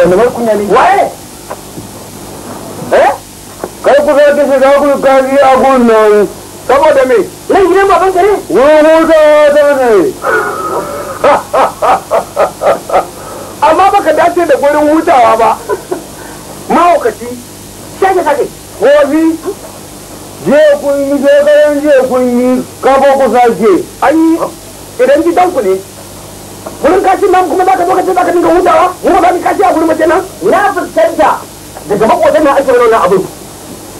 wani kunya ne waye ki su za ku kaji a gun nan saboda me nan gidan baban kare wani huta ta ne amma baka dace da gurin hutawa ba mahaukaci shake shake kofi je kun yi dogayen je kun kafa ku sake an idan gidan ku ne gurin kashin nan kuma ka zo ka ce ka dinga hutawa mu ba za mu kashi a gurin mace nan na fuskanta daga makotan na ake wani abin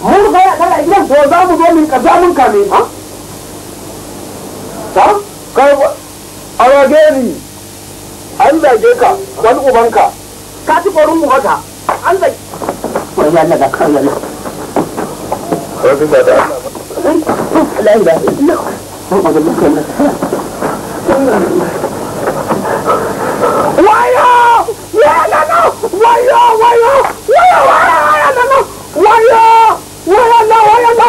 mun ga kala idan. gidan to za mu zo mu kaza mun kame ha ta kai a rage ni an zage ka wani ubanka ka ci korin mu haka an zage wani ya naga kan yana ko da da la ilaha illallah muhammadur rasulullah Wayo! Yeah, no, no! Wayo, wayo! Wayo, wayo, wayo, no, no! Wayo! 와야 나 와야 나 와야 나 와!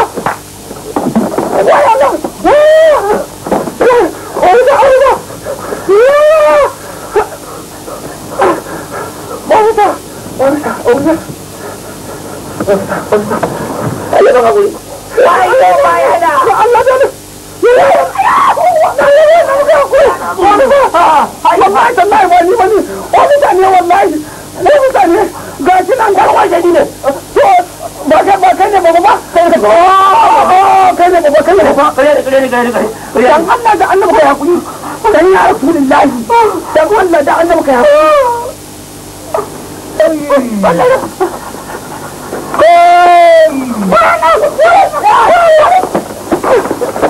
어디다 어디다 어디다 어디다 어디다 어디다 어디다 달려가고 와 이거 와야 나 알라자는 wallahi tallahi wani wani wani mutane wallahi mu mutane ga shi nan garwa gani ne to ba kai ba kai ne ba ba kai ne ah! ba kai ne ba kai ne ba kai ne kai ne kai ne dan Allah da Allah kai hakuri dan ya rasulullahi dan Allah da Allah hakuri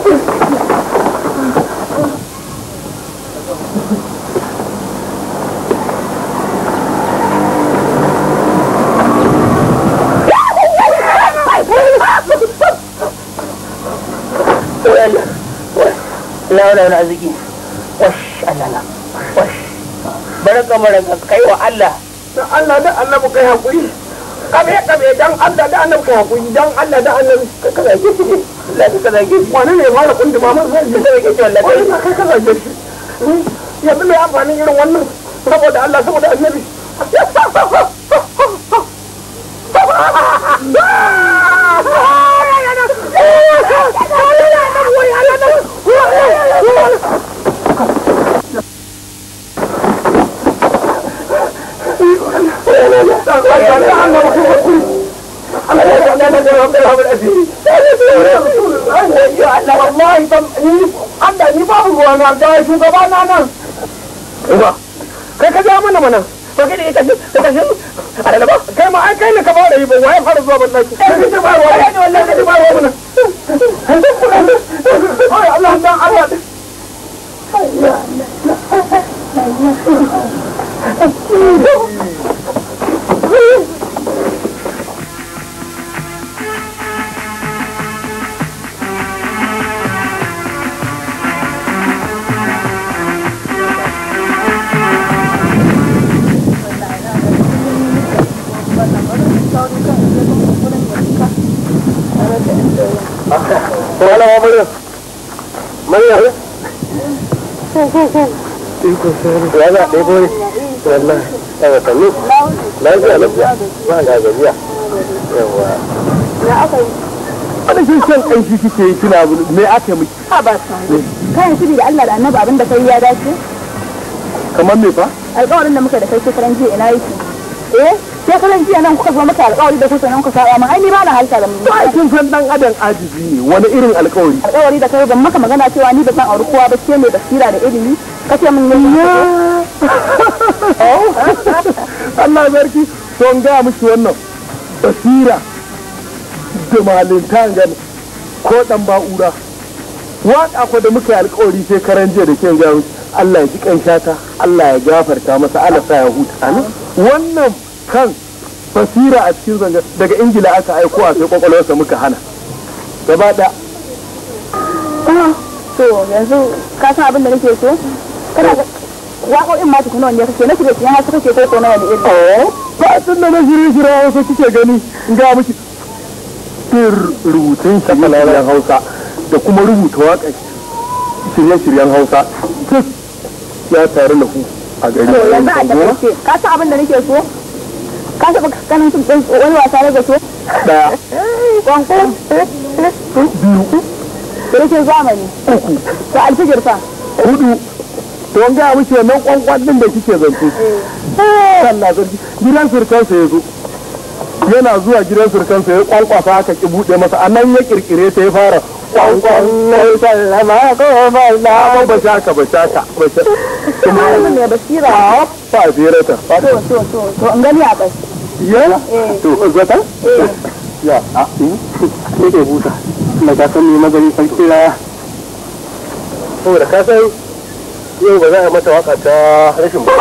wani wani arziki wash alala wash baraka baraka kai wa Allah dan Allah da mu kai hakuri dan Allah da annabi kai hakuri dan Allah da annabi ka zage shi Allah ka zage shi wani ne mara kundi ma mun zai zage shi wallahi wani kai ka zage shi yanzu me irin wannan saboda Allah saboda annabi Allah ni ba ruwa na da shugaba na nan ba kai ka ja mana mana to kai da ita ta kashin kai ma ai kai ne ka fara yi ba wai fara zuwa ban naki kai ka ba ne wallahi ba mana ai Allah dan Allah ya za ɗaya bori wallah a watanni ba ga gajiya yawa na aka yi wani shi shan aiki kike yi kina abu aka miki ha ba su kayan da Allah da annabi abin da kai ya dace kamar me fa alƙawarin da muka da kai shekaran jiya ina yake eh shekaran jiya nan kuka zo maka alƙawari da kusa nan kuka saba mun ai ni ba na halta da mun ba kin san dan adam ajibi ne wani irin alƙawari alƙawari da kai ban maka magana cewa ni ba san auri kowa ba ce mai basira da ilimi kace min ne Allah barki to in gaya miki wannan basira da malinta gani ko dan ba'ura waka ko da muka yi alkawari sai karan jiya da kin gaya Allah ya ji kanshata Allah ya gafarta masa Allah sa ya huta wannan kan basira a cikin zanga daga ingila aka aiko a sai kwakwalwarsa muka hana gaba da to ah. yanzu ka san abin da nake so kana waƙoƙin ma tukuna wanda kake na kire kiyan hasu kake ko na wani irin oh ba tun da na shiri shira wasu kike gani in ga miki rubutun shirye-shiryen hausa da kuma rubuta waƙa shirye-shiryen hausa duk ya taru da ku a gari to yanzu a takaice ka san abin da nake so ka taɓa kanin sun ɗin wani wasa na gaso ɗaya ƙwanƙwan biyu da zamani uku da alfijir fa hudu to an gaya muke nan kwankwan din da kike zance Allah sarki gidan surkansa ya zo yana zuwa gidan surkansa ya kwankwasa aka ki bude masa a nan ya kirkire ta ya fara kwankwan mai sallama ko balla ba ba shaka ba shaka ba shaka kuma ne basira ba zirata to to to to an gani a bai ya to zata ya a ne ke buta na ka san me magani sarki la saboda ka sai yau ba za a mata waka ta rashin ba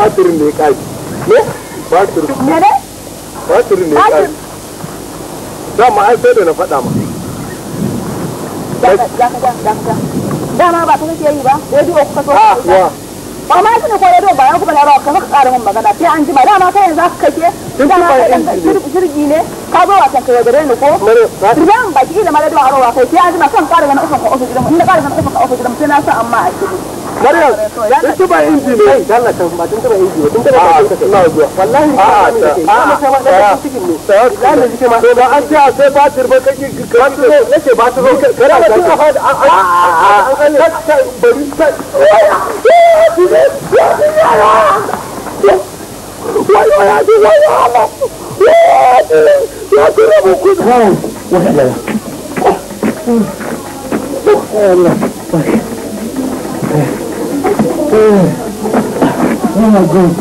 batirin ne kaji ne batirin ne batirin ne kaji dama an sai da na faɗa ma dama ba ta yi ba rediyo ku kaso ba ba ma ne ko rediyo ba kuma na rawa kamar ƙara magana sai an ji ba dama kai yanzu kake dama jirgi ne ka zo wasan kai gare ni ko rigan baki da ma da rawa kai sai an ji ma kan ƙara ganin ofin ka ofin gidan in ƙara ofin ka ofin gidan sai na sa amma a cikin Maryam, kin tuba inji ne. Kai dalla ba tuba inji ba. tuba Wallahi Sai ne kike ma. To ba an ce a sai ba turba kake ba turba. Kada ba kika fa an an an an ka bari ka. Wai Oh, oh my God.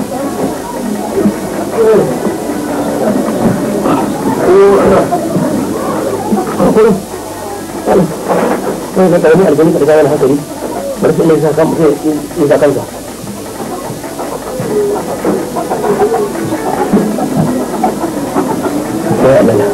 Kawai ka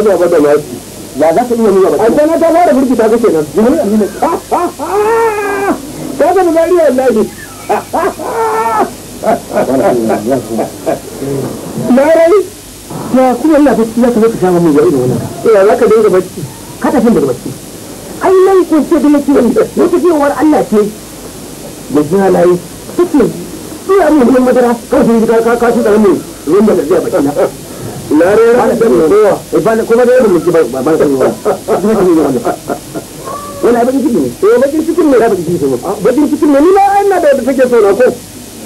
kada ba da laki ya za ka iya nuna ba ai kana ta fara burki ta kace nan dole ta da wallahi ya kuma bacci ya Ya za ka dinga bacci. Ka tafi da bacci. Ai nan ko ce da Allah ce. Da jina layi, take ina mun madara, kawai ka ka ka su da da bacci na. na rera da sani kuma eh, ah, da yawan miki ba wani ne ne ne na da da take so na ko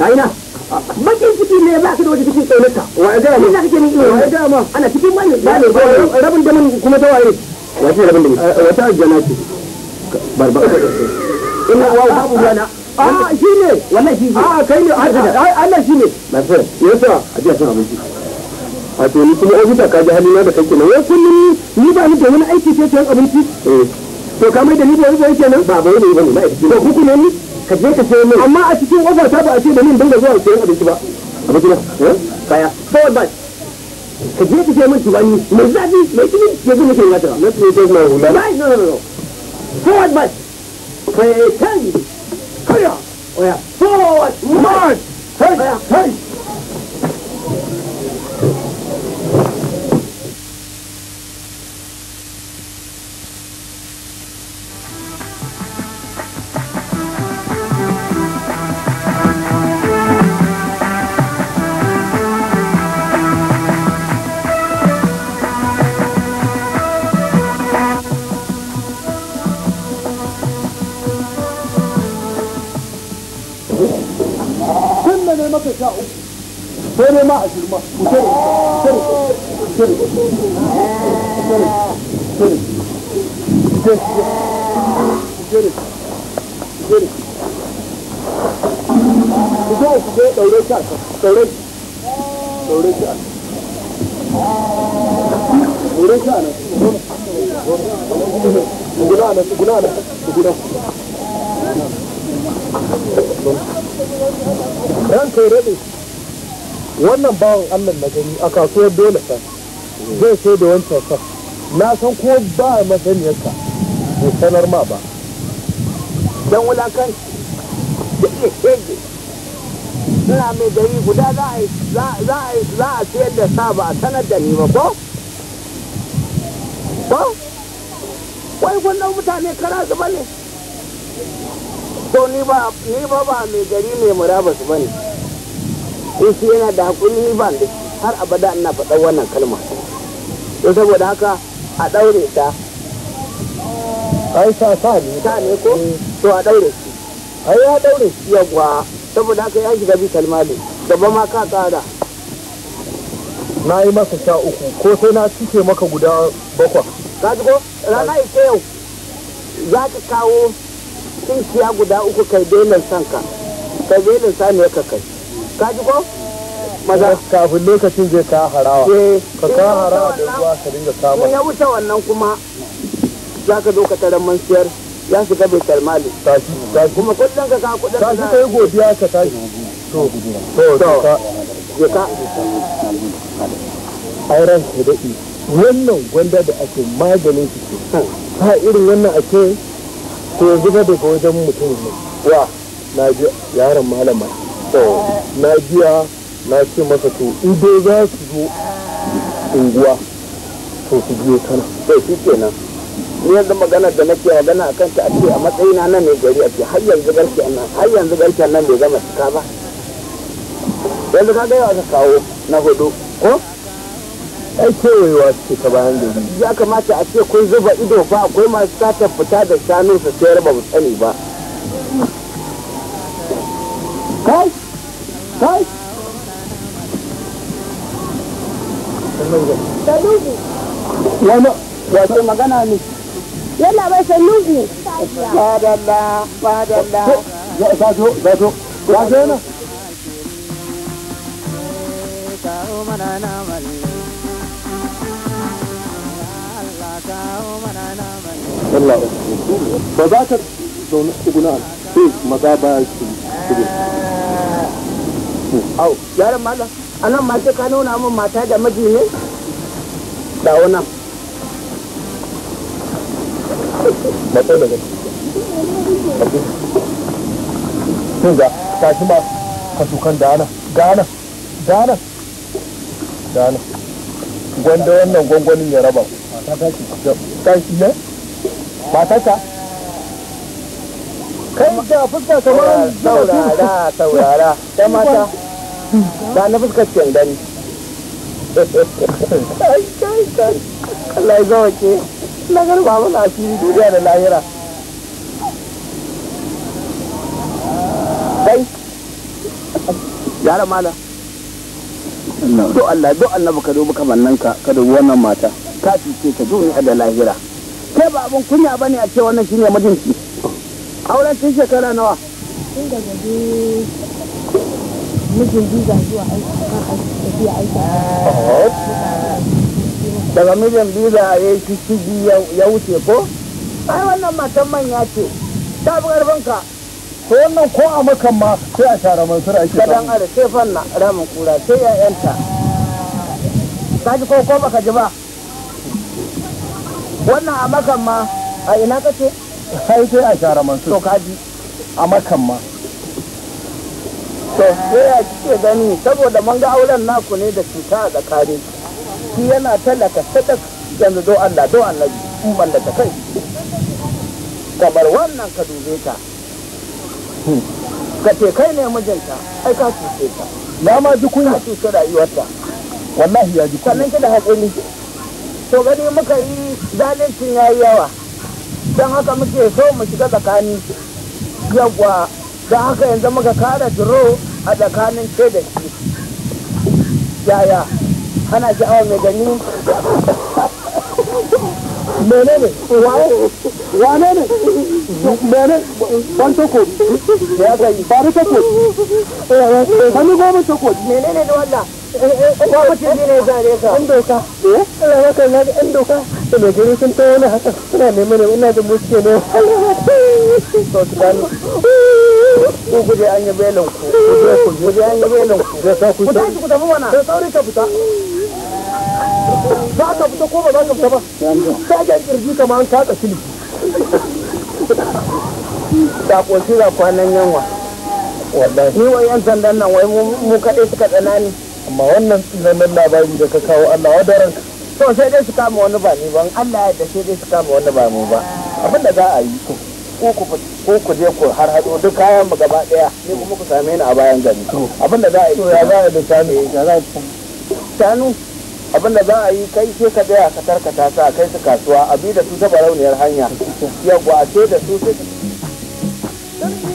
ai na ah, bakin cikin ne ba ka da wata cikin ma ana wannan da a shi ne shi ne a ah, kai ne Allah shi ne na fara yasa a ji sun abinci a to ni kuma ofisa ka ji halina da kake nan wai kullum ni ba ni da wani aiki sai abinci eh. to kamar mai da ni da wani sai kenan ba ba wani bane aiki ba kuku ne ni ka je ka sayo min amma a cikin ofisa ta ba a ce da ni dinga zuwa sayan abinci ba abinci eh? ba kaya forward ka je ka sayo min tubani mai zafi mai kini ya zo nake mata na tsaye ta mai hula no no no forward kai kaya oya forward لا أجرمه مشرف مشرف مشرف مشرف مشرف مشرف مشرف Ku zo ku zo ɗaure shi a kan, ɗaure shi, ɗaure shi a kan. Ɗaure shi a nan, guna nan, guna nan, guna. Ran kai raɗe. wannan bawan allah na gani a kasuwar dole san zai sai da wancan sa na san ko ba a masaniyarka bai sanar ma ba don wulakan da iya shege ina mai gari guda za a sayar da sa ba a sanar da ni ba ko? ko? wai wannan mutane kara su ne? to ni ba ni ba ba mai gari mai murabas ne. in eh, shi yana da haƙuri ni ba da shi. har abada ina faɗar wannan kalma to saboda haka a ɗaure ta ai sa sa ne sa ne ko to a ɗaure shi ai ya ɗaure shi yawwa saboda haka ya shiga bi ne. gaba ma ka tsara na yi masa sha uku ko sai na cike maka guda bakwa ka ji ko rana ita yau za ka kawo cikiya guda uku kai belin sanka kai belin saniyar ka kai ka ji ko maza kafin lokacin zai eh. ka harawa ka ka harawa da ruwa ka dinga kama ya wuce wannan kuma za ka zo ka tarar man siyar ya shiga bai talmali tashi tashi kuma kullum ka ka kudin tashi kai godiya ka tashi to to to ya ka auren ka daɗi wannan gwanda da ake maganin su ke ta hmm. irin wannan ake to yanzu daga wajen mutum ne wa na ji yaron malama to na jiya na ce masa to ido za su zo unguwa to su biyo ta nan to shi kenan ni yanzu magana da nake magana akan ta a ce a matsayina na mai gari a ce har yanzu garki nan har yanzu garki nan bai gama cika ba yanzu ka ga yawa kawo na hudu ko ai kewayewa suke ta bayan gari ya kamata a ce kun zuba ido ba akwai masu sata fita da shanu su sayar ba mu sani ba kai kai wato magana ne yana bai salugu fadalla fadalla zato zato zato Allah ba za ka zaune sai maza ba su eh. uku au yaran malam anan ma ka nuna min mata da miji ne da wannan da gaske cikin ga tashi ma kan dana dana dana dana gwanda wannan gwangwanin ya raba shi ne ta? kai da fuska kamar saurara saurara ta mata ba na fuskar can dare kai kai kai Allah ya gawa ke na garba mana asiri duniya da lahira kai yara mala do Allah do Allah baka dubi maka nan ka ka dubi wannan mata ka fice ta a da lahira kai ba abin kunya bane a ce wannan shine mijinki auren tun shekara nawa tun daga mijin biza zuwa aiki kan tafiya aiki daga mijin biza a yi shishigi ya wuce ko ai wannan matan manya ce ta fi ka ko wannan ko a makan ma sai a share sura ake samu kadan ada sai fanna ramin kura sai yanta ka ji ko ko baka ji ba wannan a makan ma a ina kace sai sai a share mansura to ka ji a makan ma to sai a kike gani saboda mun ga auren naku ne da cuta a tsakanin, shi yana talaka sadak yanzu do Allah do annabi in mallaka kai kamar wannan ka dube ta hmm. ka ce kai ne mijinta ai ka cuce ta na ma ji kunya cuce rayuwarta wallahi ya ji kunya sannan ki da haƙuri to gani muka yi zalincin yayi yawa don haka muke so mu shiga tsakani yawwa Da haka yanzu muka kara duro a tsakanin ke da shi yaya ana awa mai gani mene wane ne mene ban ya gani bari toko hannu eh, goma toko mene ne da wanda ba mutum ne eh? doka da mai sun haka suna neman ina da ne ku guje an yi belin ku guje an yi belin ku da sa ku tafi ku tafi mana da sauri ka fita za ka fita ko ba za ka fita ba ka ga kirji kamar an katsa fili da koshi da kwanan yanwa wallahi ni wai yan sandan nan wai mu kaɗai suka tsanani amma wannan zaman labari da ka kawo Allah wa wadaran to sai dai su kama wani ba ni ban Allah ya da sai dai su kama wani ba mu ba abin da za a yi to ko ku je ku har hado duk kayan mu gaba daya ne kuma ku same ni a bayan gari abin da za a yi ya za a da shanu eh, shanu abin da za a yi kai sai ka tsaya ka tarkata su a kai su kasuwa a da su ta rauniyar hanya yawwa a ce da su sai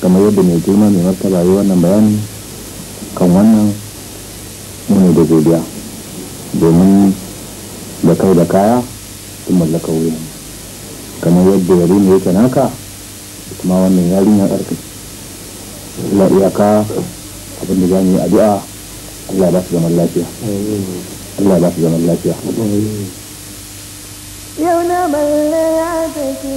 kamar yadda mai girma mai martaba yi wannan bayani kan wannan muni da godiya domin da kai da kaya sun mallaka wuya kamar yadda yari ne yake naka kuma wannan yari ne ƙarfi la iyaka abinda za mu yi addu'a Allah ba su zaman lafiya Allah ba su zaman lafiya yau na balle ya tafi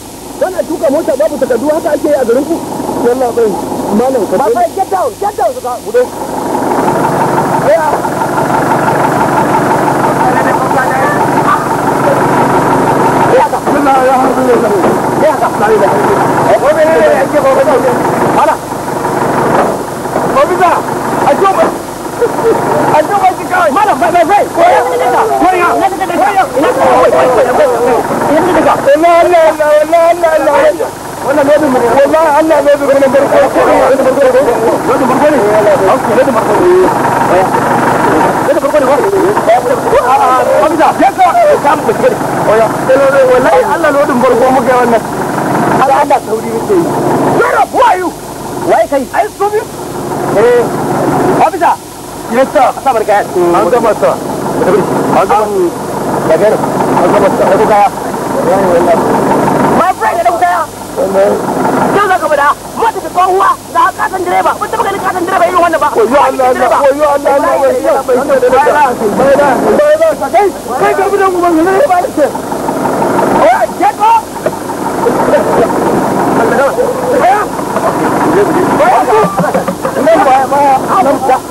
kana tuka mota babu takardu haka ake yi a garin ku yalla bai malam ka bai get down get down suka bude an duba shi kawai malam ko a a yi yasa an gama sa an gama da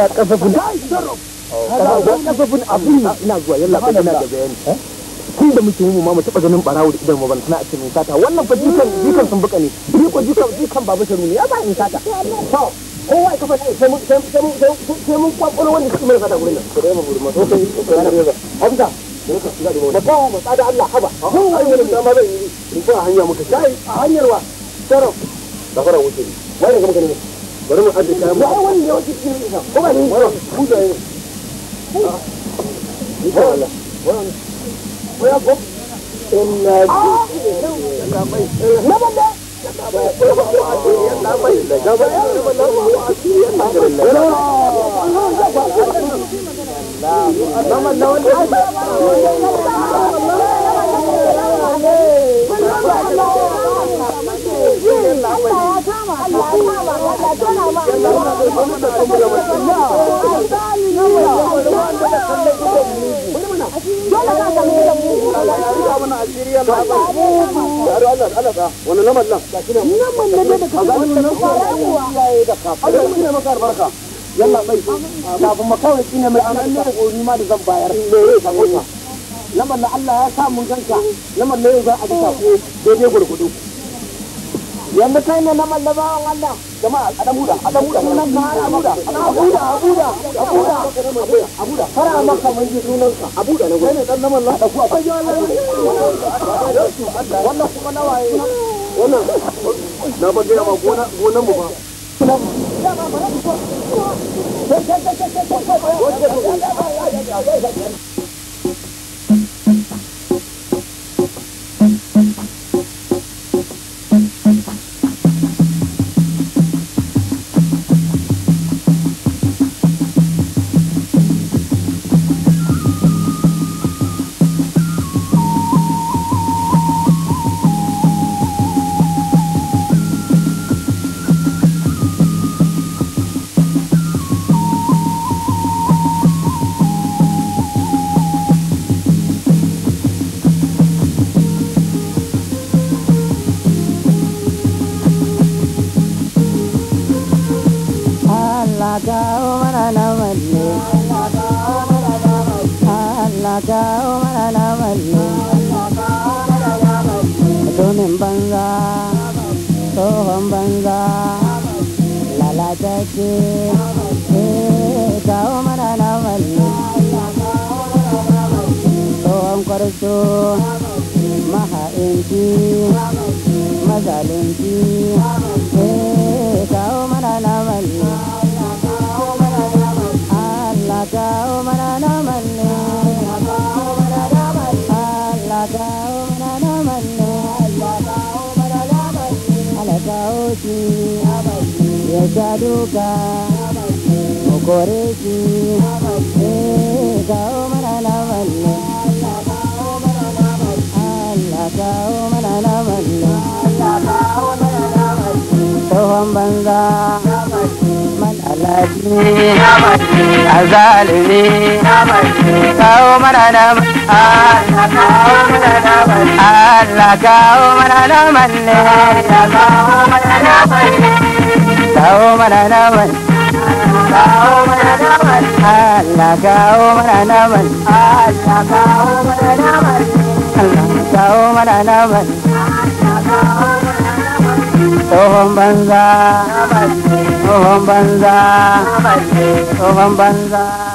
haza kasafin haza abin ina zuwa yalla ba ina da bayani tun da muke mu ma mu taba ganin barawo da idan maban tana a cikin sata wannan fa jikan mm. jikan sun buka ne ni ko jikan jikan baba sharu ne ya ba in sata to kowa ya kafa sai mun sai mun sai mun kwakwalo wanda suke mara sata gurin nan to dai mu gurin ma to sai hamza da kawo ba tsada Allah haba kowa ya wani dama zai yi in ba hanya muka sai a hanyar wa sarrafa da fara wuce wai ga muka ne bari mu aje kayan mu ai wani ya wuce cikin isa ko ba ne wani kuda ne insha Allah wani ko ya ko inna na banda Lama lawan wani namar da ka ga wannan da ka Allah kafin mai da ya sa mun ganka namar yau za a ji ko daidai gurgudu yanzu kai ne na wa Allah jama'a a dan huda a dan huda sunan ka har abuda abuda a maka ji sunan ka ne dan na da ku a bayyana Allah wannan kuma nawaye wannan na ba ga ma gona gonan mu ba Thank you. kawo mana naman Allah kawo mana naman Allah kawo mana naman ne Allah kawo mana kawo mana Allah kawo mana kawo mana banza tsohon banza banza